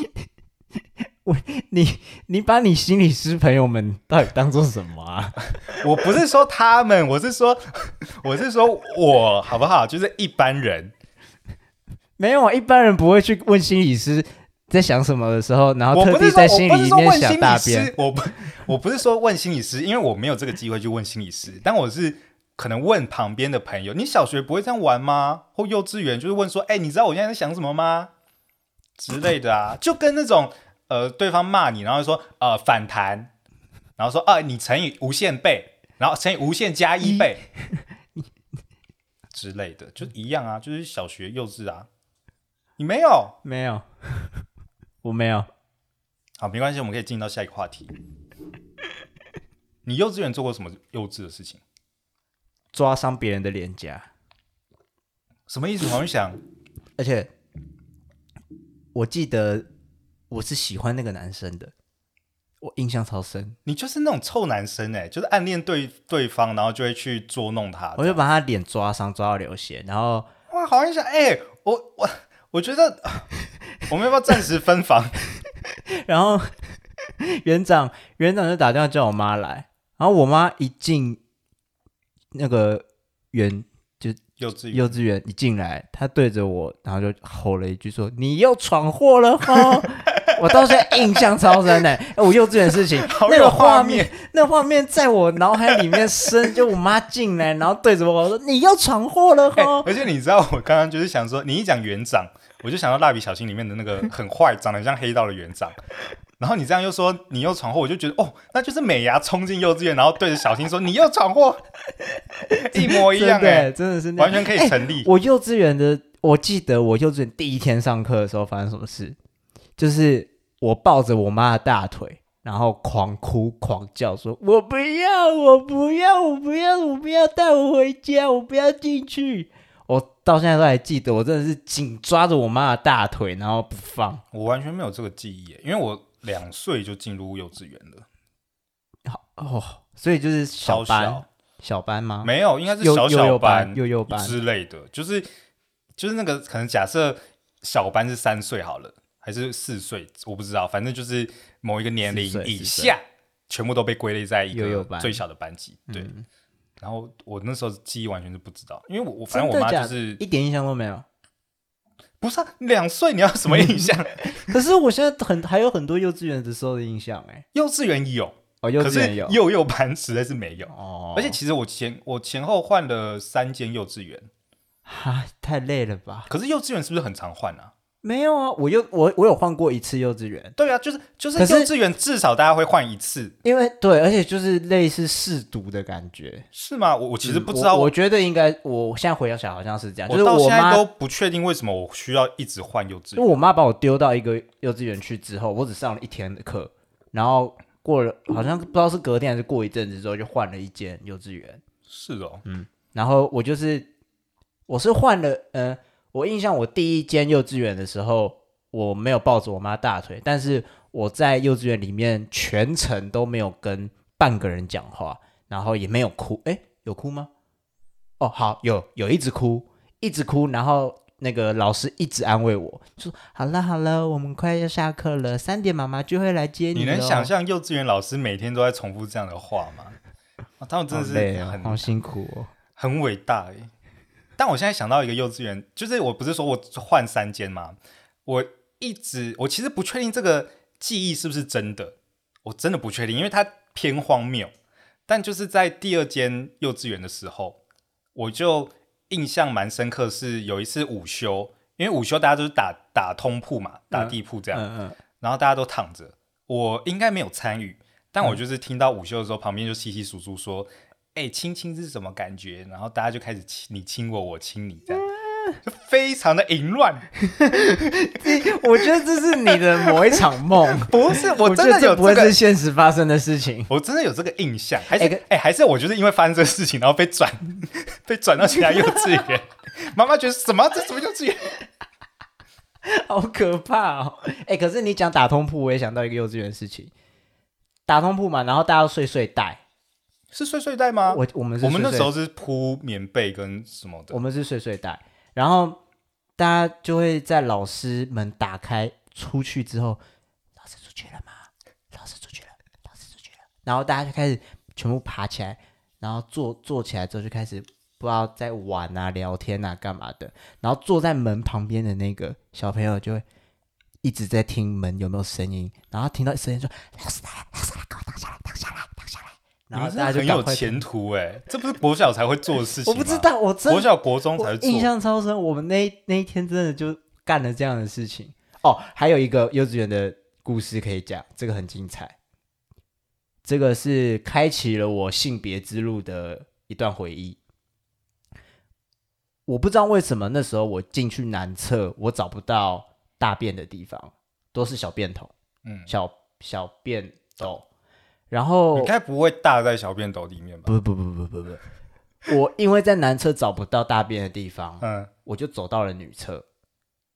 Speaker 2: 我你你把你心理師朋友們到底當做什麼啊？ 我不是說他們，我是說我是說
Speaker 1: 我好不好？就是一般人，
Speaker 2: 沒有一般人不會去問心理師在想什麼的時候，然後特地在心裡面想大便。我
Speaker 1: 不我不，我不是說問心理師，因為我沒有這個機會去問心理師，但我是可能問旁邊的朋友。你小學不會這樣玩嗎？或幼稚園就是問說，哎、欸，你知道我現在在想什麼嗎？之類的啊，就跟那種。呃，對方罵你，然後說呃反彈，然後說啊你乘以無限倍，然後乘以無限加一倍一之類的，就一樣啊，就是小學幼稚啊。你沒有
Speaker 2: 沒有，我沒有。
Speaker 1: 好，沒關係，我們可以進到下一個話題。 你幼稚園做過什麼幼稚的事情？抓傷別人的臉頰。什麼意思？好像想。
Speaker 2: 而且我記得。我是喜歡那個男生的，我印象超深。
Speaker 1: 你就是那種臭男生哎、欸，就是暗戀對對方，然後就會去捉弄他。我
Speaker 2: 就把他臉抓傷，抓到流血。然後哇，好像想哎、欸，我我我覺得 我們要不要暫時分房？ 然後園長園長就打電話叫我媽來。然後我媽一進那個園，就幼稚園幼稚園一進來，她對着我，然後就吼了一句說：“你又闖禍了、哦！” 我到現在印象超深的、欸，我幼稚園的事情，好柔 那個畫面，畫面那畫面在我腦海裡面生，就我媽進來，然後對着我,我說：“你又闖禍了哦！”而且你
Speaker 1: 知道，我剛剛就是想說，你一講園長，我就想到蠟筆小新裡面的那個很壞、長得很像黑道的園長。 然後你這樣又說你又闖禍，我就覺得哦，那就是美牙衝進幼稚園，然後對着小新說：“你又闖禍。” 一模一樣、欸，哎，真的是那完全可以成立。欸、我
Speaker 2: 幼稚園的，我記得我幼稚園第一天上課的時候發生什麼事。就是我抱着我媽的大腿，然後狂哭狂叫說，說我，我不要，我不要，我不要，我不要帶我回家，我不要進去。我到現在都還記得，我真的是緊抓着我媽的大腿，然後不放。我完全沒有
Speaker 1: 這個記憶，因為我兩歲就進入幼稚園
Speaker 2: 了。好哦，所以就是小班，小，小班嗎？沒有，應該是小小班幼幼幼幼幼、幼幼班之類
Speaker 1: 的就是，就是那個可能假設小班是三歲好了。還是四歲，我不知道，反正就是某一個年齡以下，四歲四歲全部都被歸類在一個最小的班級。幼幼班對，嗯、然後我那時候記憶完全是不知道，因為我我反正我媽就是真的假的？一點
Speaker 2: 印象都沒有。不是啊，兩歲，兩歲你要什麼印象？ 可是我現在很還有很多幼稚園的時候的印象哎、欸哦，幼稚園有，哦幼稚園有，可是幼幼班實在是沒有哦，而
Speaker 1: 且其實我前我前後換了三間幼稚園，
Speaker 2: 啊太累了吧？
Speaker 1: 可是幼稚園是不是很常換啊？沒有啊，我
Speaker 2: 又我我有換過一次幼稚園。對啊，就是就是幼稚園，至少大家會換一次，因為對，而且就是類似試讀的感覺，是嗎？我我其實不知道我，嗯我，我覺得應該，我現在回想起來好像是這樣，就是我到現在都
Speaker 1: 不確定為什麼我需要一直換幼稚園。因為我媽把
Speaker 2: 我丟到一個幼稚園去之後，我只上了一天的課，然後過了好像不知道是隔天還是過一陣子之後，就換了一間幼稚園。是哦，嗯，然後我就是我是換了嗯。呃我印象，我第一間幼稚園的時候，我沒有抱着我媽大腿，但是我在幼稚園裡面全程都沒有跟半個人講話，然後也沒有哭。哎，有哭嗎？哦，好，有有一直哭，一直哭，然後那個老師一直安慰我說：“好了好了，我們快要下課了，三點媽媽就會來接你了哦。”你能想象幼稚園老師每天都
Speaker 1: 在重複這樣的話嗎？哦、他們真的是很、
Speaker 2: 好累哦、好辛苦哦，
Speaker 1: 很偉大耶但我現在想到一個幼稚園，就是我不是說我換三間嗎？我一直我其實不確定這個記憶是不是真的，我真的不確定，因為它偏荒謬。但就是在第二間幼稚園的時候，我就印象蠻深刻，是有一次午休，因為午休大家都是打打通鋪嘛，打地鋪這樣，嗯嗯嗯、然後大家都躺着，我應該沒有參與，但我就是聽到午休的時候，嗯、旁邊就窸窸窣窣說。哎、欸，親親是什麼感覺？然後大家就開始親，你親我，我親你，這樣，就非常的淫亂。 我覺得這是你的某一場夢，不是？我真的有這個、這不會是現
Speaker 2: 實發生的事情，
Speaker 1: 我真的有這個印象。還是，哎、欸，欸、還是我就是因為發生這個事情，然後被轉，欸、被轉到其他幼稚
Speaker 2: 園。 媽媽覺得什麼？這什麼幼稚園？好可怕哦！哎、欸，可是你講打通鋪，我也想到一個幼稚園事情，打通鋪嘛，然後大家睡睡袋。是睡
Speaker 1: 睡袋嗎？我我們睡睡我們那時候是
Speaker 2: 鋪棉被跟什麼的。我們是睡睡袋，然後大家就會在老師門打開出去之後，老師出去了嗎？老師出去了，老師出去了，然後大家就開始全部爬起來，然後坐坐起來之後就開始不知道在玩啊、聊天啊、幹嘛的。然後坐在門旁邊的那個小朋友就會一直在聽門有沒有聲音，然後聽到聲音說：“老師來了，老師來了，給我躺下來，躺下來。”然，你們是很有前
Speaker 1: 途哎、欸， 這不是國小才會做的事情。我不知道，我真國小國中才做，印象
Speaker 2: 超深。我們那那一天真的就幹了這樣的事情哦。還有一個幼稚園的故事可以講，這個很精彩。這個是開啟了我性別之路的一段回憶。我不知道為什麼那時候我進去男廁，我找不到大便的地方，都是小便桶，嗯，小小便斗。嗯然後你該不會大在小便斗裡面吧？不不不不不不 我因為在男廁找不到大便的地方，嗯，我就走到了女廁。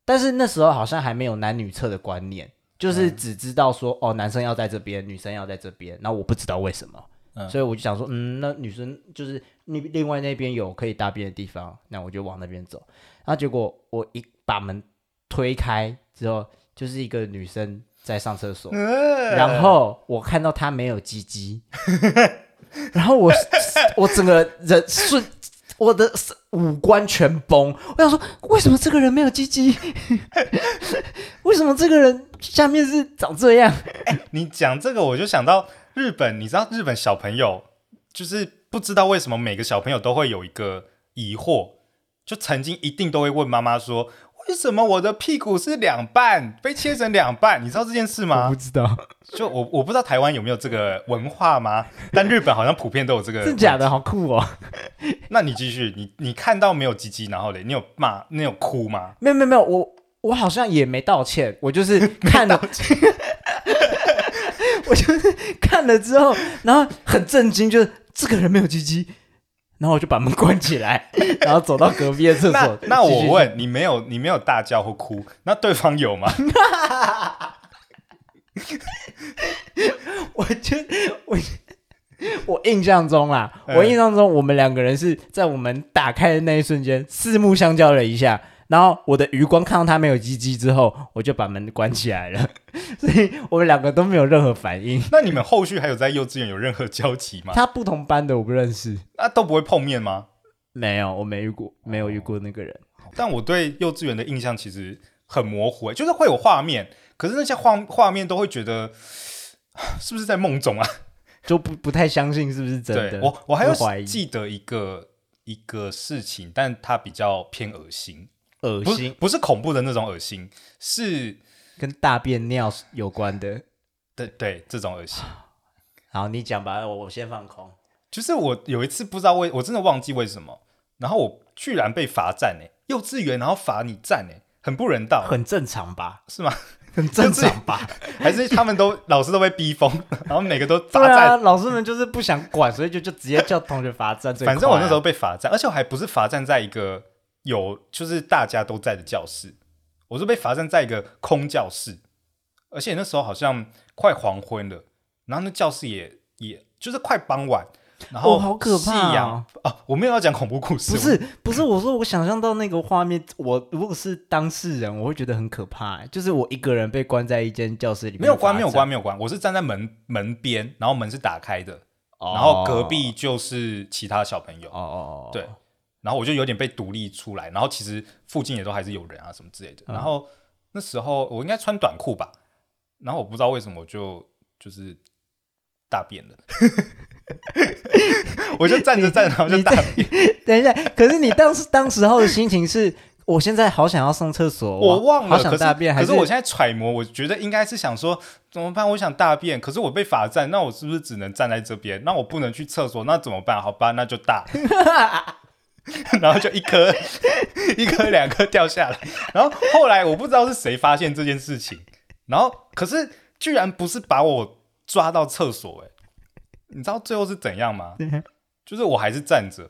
Speaker 2: 但是那時候好像還沒有男女廁的觀念，就是只知道說、嗯、哦，男生要在這邊，女生要在這邊。那我不知道為什麼，嗯、所以我就想說，嗯，那女生就是另另外那邊有可以大便的地方，那我就往那邊走。然後結果我一把門推開之後，就是一個女生。在上廁所，嗯、然後我看到他沒有雞雞， 然後我我整個人瞬我的五官全崩，我想說為什麼這個人沒有雞雞？ 為什麼這個人下面是長這樣？欸，
Speaker 1: 你講這個我就想到日本，你知道日本小朋友就是不知道為什麼每個小朋友都會有一個疑惑，就曾經一定都會問媽媽說。為什麼？我的屁股是兩半，被切成兩半，你知道這件事嗎？我不知道，就我我不知道台灣有沒有這個文化嗎？但日本好像普遍都有這個，真假的？好酷哦！那你繼續，你你看到沒有雞雞？然後嘞，你有罵？你有哭嗎？
Speaker 2: 沒有沒有沒有，我我好像也沒道歉，我就是看了， 沒道歉 我就是看了之後，然後很震驚，就是這個人沒有雞雞。然後我就把門關起來，
Speaker 1: 然後走到隔壁的廁所。 那，那我問你，沒有你沒有大叫或哭，那對方有嗎？
Speaker 2: 我我我印象中啊，嗯、我印象中我們兩個人是在我們打開的那一瞬間四目相交了一下，然後我的餘光看到他沒有唧唧之後，我就把門關起來了。所以我們兩個都沒有任何反應。 那你們後續還有在幼稚園有任何交集嗎？他不同班的，我不認識。那、啊、都不會碰面嗎？沒有，我沒遇
Speaker 1: 過，哦、沒有遇過那個人。但我對幼稚園的印象其實很模糊，就是會有畫面，可是那些畫畫面都會覺得是不是在夢中啊？
Speaker 2: 就不不太相信是不是真的。我我還有
Speaker 1: 記得一個一個事情，但它比較偏惡心，惡心不，不是恐怖的那種惡心，是。跟大便尿有關的，對對，這種惡心。好，你講吧，我我先放空。就是我有一次不知道為，我真的忘記為什麼，然後我居然被罰站誒，幼稚園然後罰你站誒，很不人道，很正常吧？是嗎？很正常吧？就是，還是他們都 老師都被逼瘋，然後每個都罰站， 對啊。老師們就是不想管，所以就就直接叫同學罰站，啊。反正我那時候被罰站，而且我還不是罰站在一個有就是大家都在的教室。我是被罰站在一個空教室，而且那時候好像快黃昏了，然後那教室也也
Speaker 2: 就是快傍晚，
Speaker 1: 然後、夕陽，哦，好可怕呀，啊
Speaker 2: 啊，我沒有要講恐怖故事，不是不是，不是 我說我想象到那個畫面，我如果是當事人，我會覺得很可怕，就是我一個人被關在一間教室裡面，面，沒有關，沒有關，沒有關，我是站在門門邊，然後門是打
Speaker 1: 開的，然後隔壁就是其他小朋友，哦哦哦，對。然後我就有點被獨立出來，然後其實附近也都還是有人啊什麼之類的。嗯、然後那時候我應該穿短褲吧，然後我不知道為什麼我就就是大便了。 我就站着站着，
Speaker 2: 然後就大便。等一下，可是你當時當時候的心情是，我現在好想要上廁所，我，我忘了。好想大便，還是？可是我現
Speaker 1: 在揣摩，我覺得應該是想說怎麼辦？我想大便，可是我被罰站，那我是不是只能站在這邊？那我不能去廁所，那怎麼辦？好吧，那就大。 然後就一顆一顆、兩顆掉下來。然後後來我不知道是誰發現這件事情，然後可是居然不是把我抓到廁所誒，你知道最後是怎樣嗎？就是我還是站着，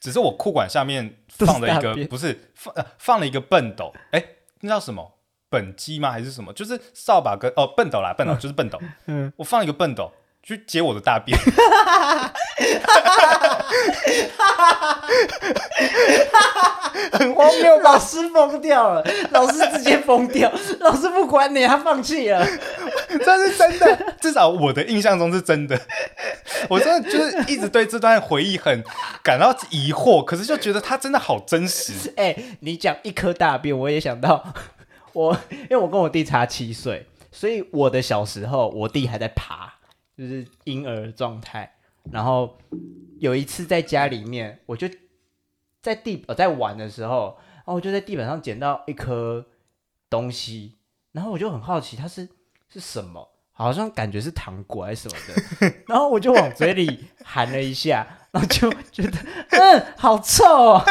Speaker 1: 只是我褲管下面放了一個，不是放放了一個畚斗哎，那叫什麼畚箕嗎還是什麼？就是掃把跟哦畚斗啦，畚斗就是畚斗。嗯，我放一個畚斗去接我的大便。
Speaker 2: 哈哈哈！哈哈很荒謬，老師瘋掉了，老師直接瘋掉，老師不管你，他放棄了，這是真的。至少我
Speaker 1: 的印象中是真的，我真的就是一直對這段回憶很感到疑惑，可是就覺得他真的
Speaker 2: 好真實。哎、欸，你講一顆大便，我也想到我，因為我跟我弟差七歲，所以我的小時候，我弟還在爬，就是嬰兒狀態。然後有一次在家裡面，我就在地我、呃、在玩的時候，然後我就在地板上撿到一顆東西，然後我就很好奇它是是什麼，好像感覺是糖果還是什麼的， 然後我就往嘴裡含了一下，然後就覺得嗯好臭，哦，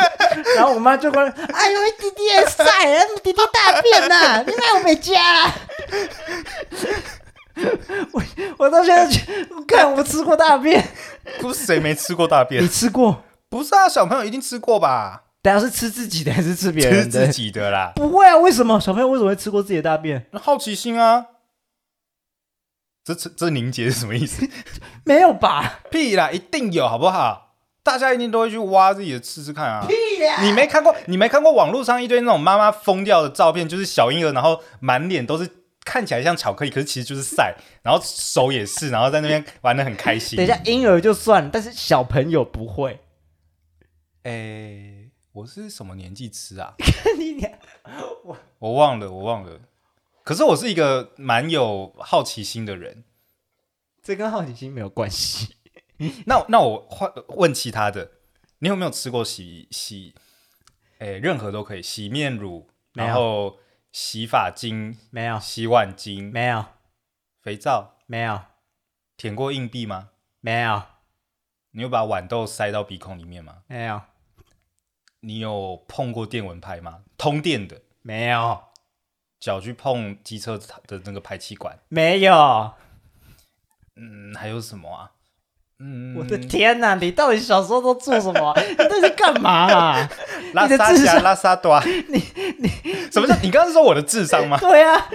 Speaker 2: 然後我媽就過來， 哎呦你弟弟在，你弟弟大便啊，你哪有沒家啊？ 我我到現在去 看，我吃過大便，
Speaker 1: 不是誰沒吃過大便？你吃
Speaker 2: 過？不是啊，小朋友一定吃過吧？等一下，是吃自己的還是吃別人的？吃自己的啦。不會啊，為什麼？小朋友為什麼會吃過自己的大便？好奇心啊！
Speaker 1: 這這凝結是什麼意思？ 沒有吧？屁啦，一定有好不好？大家一定都會去挖自己的吃吃看啊！屁啦、啊，你沒看過？你沒看過網絡上一堆那種媽媽瘋掉的照片，就是小嬰兒，然後滿臉都是。看起來像巧克力，可是其實就是塞，然後手也是，然後在那邊玩得很開心。 等一下，嬰
Speaker 2: 兒就算，但是小朋友不會。
Speaker 1: 哎、欸，我是什麼年紀吃啊？ 你我，我忘了，我忘了。可是我是一個蠻有好奇心的人，這跟好奇心沒有關係。 那那我換問其他的，你有沒有吃過洗洗？哎、欸，任何都可以，洗面乳，然後。洗髮精沒有，洗碗精沒有，肥皂沒有，舔過硬幣嗎？沒有。你有把豌豆塞到鼻孔裡面嗎？
Speaker 2: 沒有。你
Speaker 1: 有碰過電蚊拍嗎？通電的沒有。腳去碰機車的那個排氣管沒有。嗯，還有什麼啊？ 我的
Speaker 2: 天吶、啊！你到底小時候都做什麼？ 你到底幹嘛啦拉沙長，拉沙短。你你什麼叫？ 你剛剛是說我的智商嗎？ 對啊，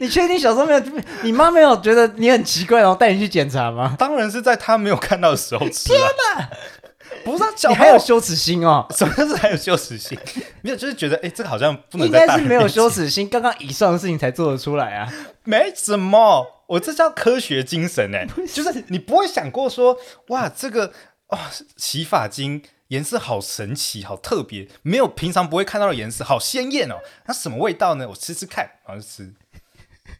Speaker 2: 你確定小時候沒有？你媽沒有覺得你很奇怪、哦，然後帶你去檢查嗎？ 當然是在她沒有看到的時候吃 天吶、啊！ 不是，你還有羞恥心哦？什麼是還有羞恥心？
Speaker 1: 沒有，就是覺得哎，這個好像不能。應該是沒有羞恥
Speaker 2: 心，剛剛以上的事情，才做得出
Speaker 1: 來啊。沒什麼，我這叫科學精神哎、欸，不是。就是你不會想過說哇，這個哦，洗髮精顏色好神奇，好特別，沒有平常不會看到的顏色，好鮮豔哦。那什麼味道呢？我吃吃看，然後就吃，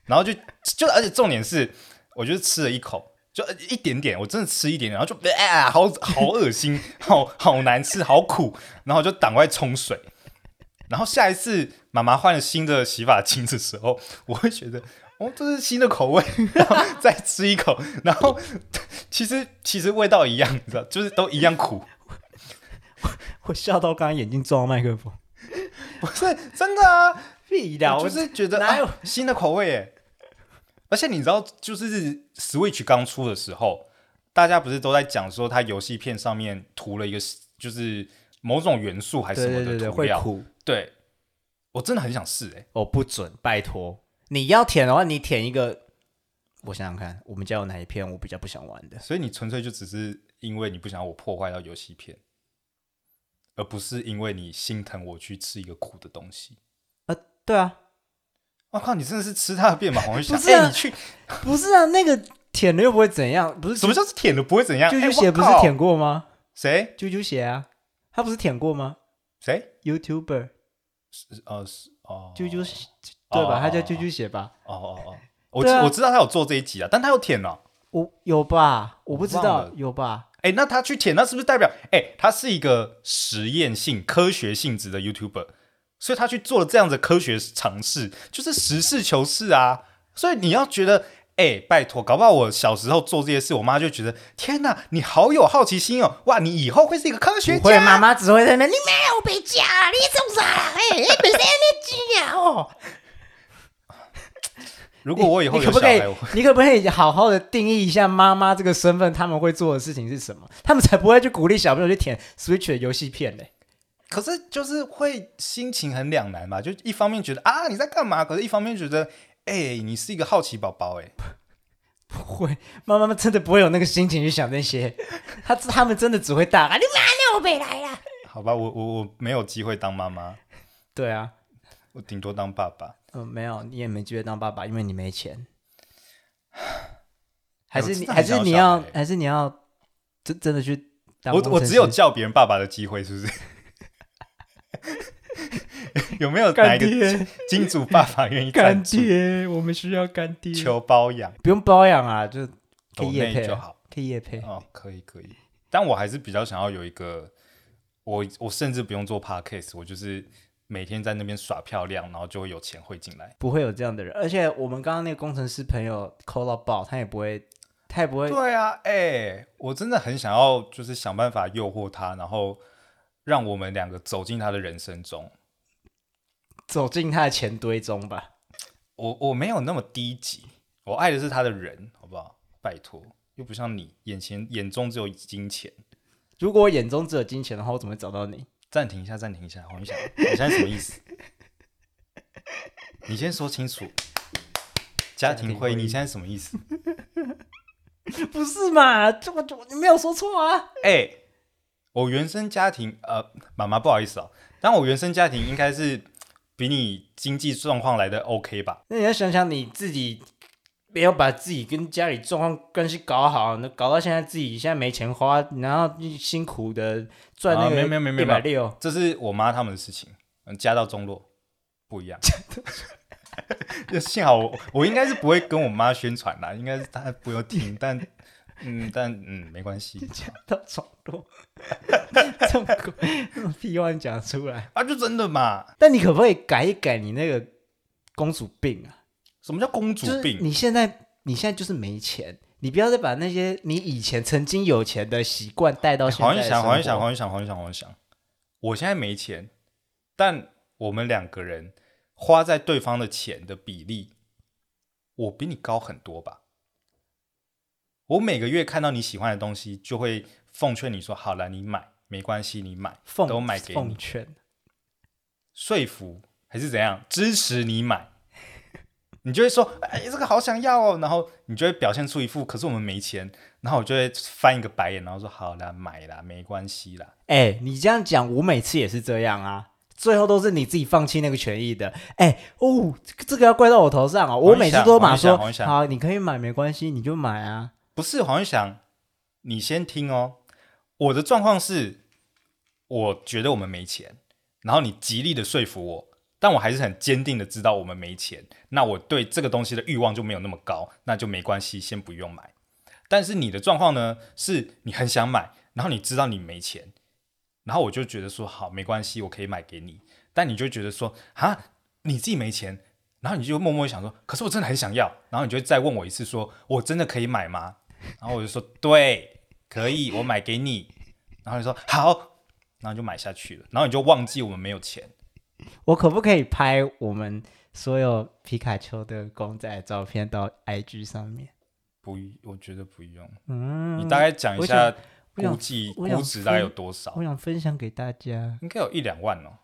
Speaker 1: 然後就就，就，而且重點是，我就吃了一口。就一點點，我真的吃一點點，然後就哎呀、啊，好好噁心，好好難吃，好苦，然後就趕快沖水。然後下一次媽媽換了新的洗髮精的時候，我會覺得哦，這是新的口味，然後再吃一口。 然後其實其實味道一樣，你知道，就是都一樣苦。
Speaker 2: 我，我笑到剛才眼睛撞到麥克風，不是真的啊！屁的了，我就是覺得哪有、啊、新的口
Speaker 1: 味耶。而且你知道，就是 Switch 剛出的時候，大家不是都在講說它遊戲片上面塗了一個，就是某種元素還是什麼的塗料？對，對，對，對，對，
Speaker 2: 我真的很想試哎、欸！我、哦、不准，拜託！你要舔的話，你舔一個。我想想看，我們家有哪一片我比較不想玩的？所以你純
Speaker 1: 粹就只是因為你不想讓我破壞到遊戲片，而不是因為你心疼我去吃一個苦的東西？
Speaker 2: 呃，對啊。我靠！你真的是吃他的便嗎？黃奕軒，你去不是啊？那個舔的又不會怎樣，不是？什麼叫是舔的不會怎樣？啾啾鞋不是舔過嗎？誰？啾啾鞋啊，他不是舔過嗎？誰？YouTuber，是哦是哦，啾啾對吧？他叫啾啾鞋吧？哦哦哦，我我知道他
Speaker 1: 有做這一集啊，但他有舔了，
Speaker 2: 我有吧？我不知道有吧？
Speaker 1: 哎，那他去舔，那是不是代表？哎，他是一個實驗性、科學性質的 YouTuber。所以他去做了這樣子的科學嘗試，就是實事求是啊。所以你要覺得，哎、欸，拜託，搞不好我小時候做這些事，我媽就覺得，天哪，你好有好奇心哦，哇，你以後會是一個科學家、啊。媽媽只會認為你
Speaker 2: 沒有被教、啊，你做啥了？哎、欸，你本身你 g 啊哦？ 如果我以後有可不可以，你可不可以好好的定義一下媽媽這個身份？他們會做的事情是什麼？他們才不會去鼓勵小朋友去舔 Switch 的遊戲片呢、欸。可是
Speaker 1: 就是會心情很兩難嘛，就一方面覺得啊，你在幹嘛，可是一方面覺得哎、欸、你是一個好奇寶寶哎，
Speaker 2: 不會媽媽們真的不會有那個心情去想那些，他他們真的只會大喊你媽你我別來了。
Speaker 1: 好吧，我我我沒有機
Speaker 2: 會當媽媽，對啊，我頂多當爸爸。嗯、呃，沒有你也沒機會當爸爸，因為你沒錢。唉還是你要還是你要還是你要真真的去，我我只有
Speaker 1: 叫別人爸爸的機會是不是？
Speaker 2: 有沒有哪一個金主爸爸願意乾爹，乾爹？我們需要乾爹，求包養，不用包養啊，就同業配就好。同業配哦，
Speaker 1: 可以可以。但我還是比較想要有一個，我我甚至不用做 podcast，我就是每天在那邊耍漂亮，然後就會有錢匯進來。
Speaker 2: 不會有這樣的人，而且我們剛剛那個工程師朋友摳到爆，他也不會，他也不會。對
Speaker 1: 啊，哎，我真的很想要，就是想辦法誘惑他，然後。讓我們兩個走進他的人生中，走進他的錢堆中吧。我我沒有那麼低級，我愛的是他的人，好不好？拜托，又不像你，眼前眼中只有金錢。如果我眼中只有金錢的話，我怎麼會找到你？暫停一下，暫停一下，好，你想你現在什麼意思？你先說清楚，家庭會議，你現在什麼意思？
Speaker 2: 不是嘛？這麼你沒有說錯啊？
Speaker 1: 哎、欸。我原生家庭，呃，媽媽不好意思哦，但我原生家庭應該是比你經濟狀況來的 OK 吧？
Speaker 2: 那你要想想你自己，沒有把自己跟家裡狀況關係搞好，那搞到現在自己現在沒錢花，然後辛苦的賺那個一百六，這是我媽
Speaker 1: 他們的事情，嗯，家道中落不一樣。的 幸好我我應該是不會跟我媽宣傳啦，應該是她不用聽， 但。嗯，但嗯沒
Speaker 2: 關係。講到炒作， 這種這種屁話講出來啊，就真的嘛？但你可不可以改一改你那個公主病啊？什麼叫公主病？你現在你現在就是沒錢，你不要再把那些你以前曾經有錢的習慣帶到現在、欸。黃玉想黃玉想黃玉
Speaker 1: 祥，黃玉祥，黃玉祥。我現在沒錢，但我們兩個人花在對方的錢的比例，我比你高很多吧？我每個月看到你喜歡的東西，就會奉勸你說：“好了，你買沒關係，你買奉都買給你。奉勸”奉勸、說服還是怎樣支持你買， 你就會說：“哎、欸，這個好想要哦。”然後你就會表現出一副“可是我們沒錢”，然後我就會翻一個白眼，然後說：“好了，買了沒關係了。”哎、
Speaker 2: 欸，你這樣講，我每次也是這樣啊，最後都是你自己放棄那個權益的。哎、欸，哦，這個要怪到我頭上哦、啊。我每次都馬說：“好、啊，你可以買，沒關係，你就買啊。”不是好像想你
Speaker 1: 先聽哦。我的狀況是，我覺得我們沒錢，然後你極力的說服我，但我還是很堅定的知道我們沒錢。那我對這個東西的欲望就沒有那麼高，那就沒關係，先不用買。但是你的狀況呢，是你很想買，然後你知道你沒錢，然後我就覺得說好，沒關係，我可以買給你。但你就覺得說啊，你自己沒錢，然後你就默默想說，可是我真的很想要，然後你就再問我一次說，說我真的可以買嗎？ 然後我就說，對，可以，我買給你。 然後你說好，然後就買下去了。然後你就忘記我們沒有錢。
Speaker 2: 我可不可以拍我們所有皮卡丘的公仔的照片到 IG 上面？不，我覺得不用。嗯，你大概講一下，估計估值，大概有多少？我想，我想，我想分享給大家。應該有一兩萬哦。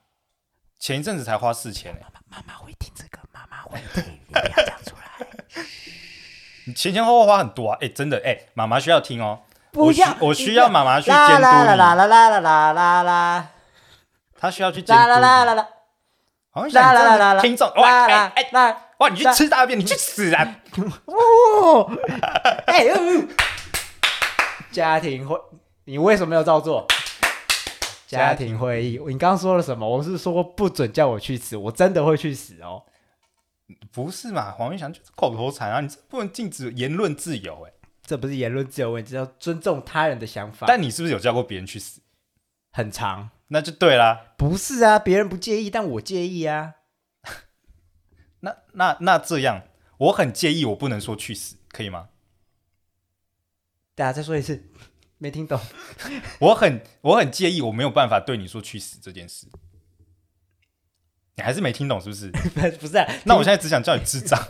Speaker 1: 前一陣子才花四千。媽媽，媽媽會聽這個，媽媽會聽， 你不要講出來。 前前後後花很多啊！哎，真的哎，媽媽需要聽哦。我需要媽媽去監督你。啦啦啦
Speaker 2: 啦啦啦啦啦，他需要去監督你。啦啦啦啦啦，好像真的聽眾哇！哎哎，哇！你去吃大便，你去死啊！哦，哎呦！家庭會，你為什麼要照做？家庭會議，你剛剛說了什麼？我是說不准叫我去死，我真的會去死哦。不是嘛？黃玉祥
Speaker 1: 就是口頭禪啊！你這不能禁止言論自由、欸，哎，這不是言論自由問題，只要尊重他人的想法。但你是不是有教過別人去死？很長常，那就對啦。不是啊，別人不介意，但我介意啊。 那那那這樣，我很介意，我不能說去死，可以嗎？
Speaker 2: 大家再說一次，沒聽懂。
Speaker 1: 我很我很介意，我沒有辦法對你說去死這件事。你還是沒聽懂是不是？ 不是、啊，那我現在只想叫你智障。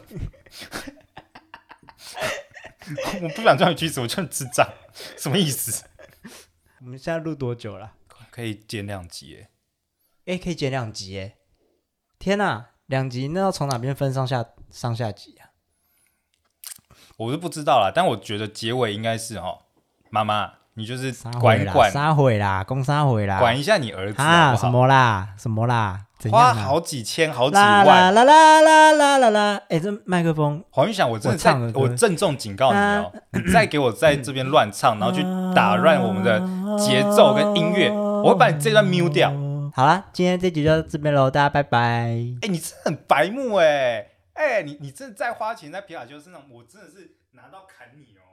Speaker 1: 我不想叫你句子，我叫你智障，什麼意思？ 我們現在錄多久了？可以剪兩集哎、
Speaker 2: 欸，可以剪兩集誒！天哪、啊，兩集那要從哪邊分上下上下集啊？
Speaker 1: 我都不知道啦，但我覺得結尾應該是哦，媽媽，你就是管一管撒
Speaker 2: 謊啦，公撒謊啦，啦管一下你兒子好不好啊？什麼啦？什麼啦？花好
Speaker 1: 幾千、好幾萬，啦
Speaker 2: 啦啦啦啦啦啦！哎、欸，這麥克風，黃玉軒，我真的唱，我鄭
Speaker 1: 重警告你哦，你、啊、 再給我在這邊亂唱，然後去打亂我們的節奏跟音樂，嗯、我會把你這段 mute 掉，嗯嗯
Speaker 2: 嗯。好啦，今天這集就到這邊嘍，大家拜拜。哎、欸，你真的很
Speaker 1: 白目哎、欸！哎、欸，你你真的再花錢在皮卡丘身上，我真的是拿刀砍你哦！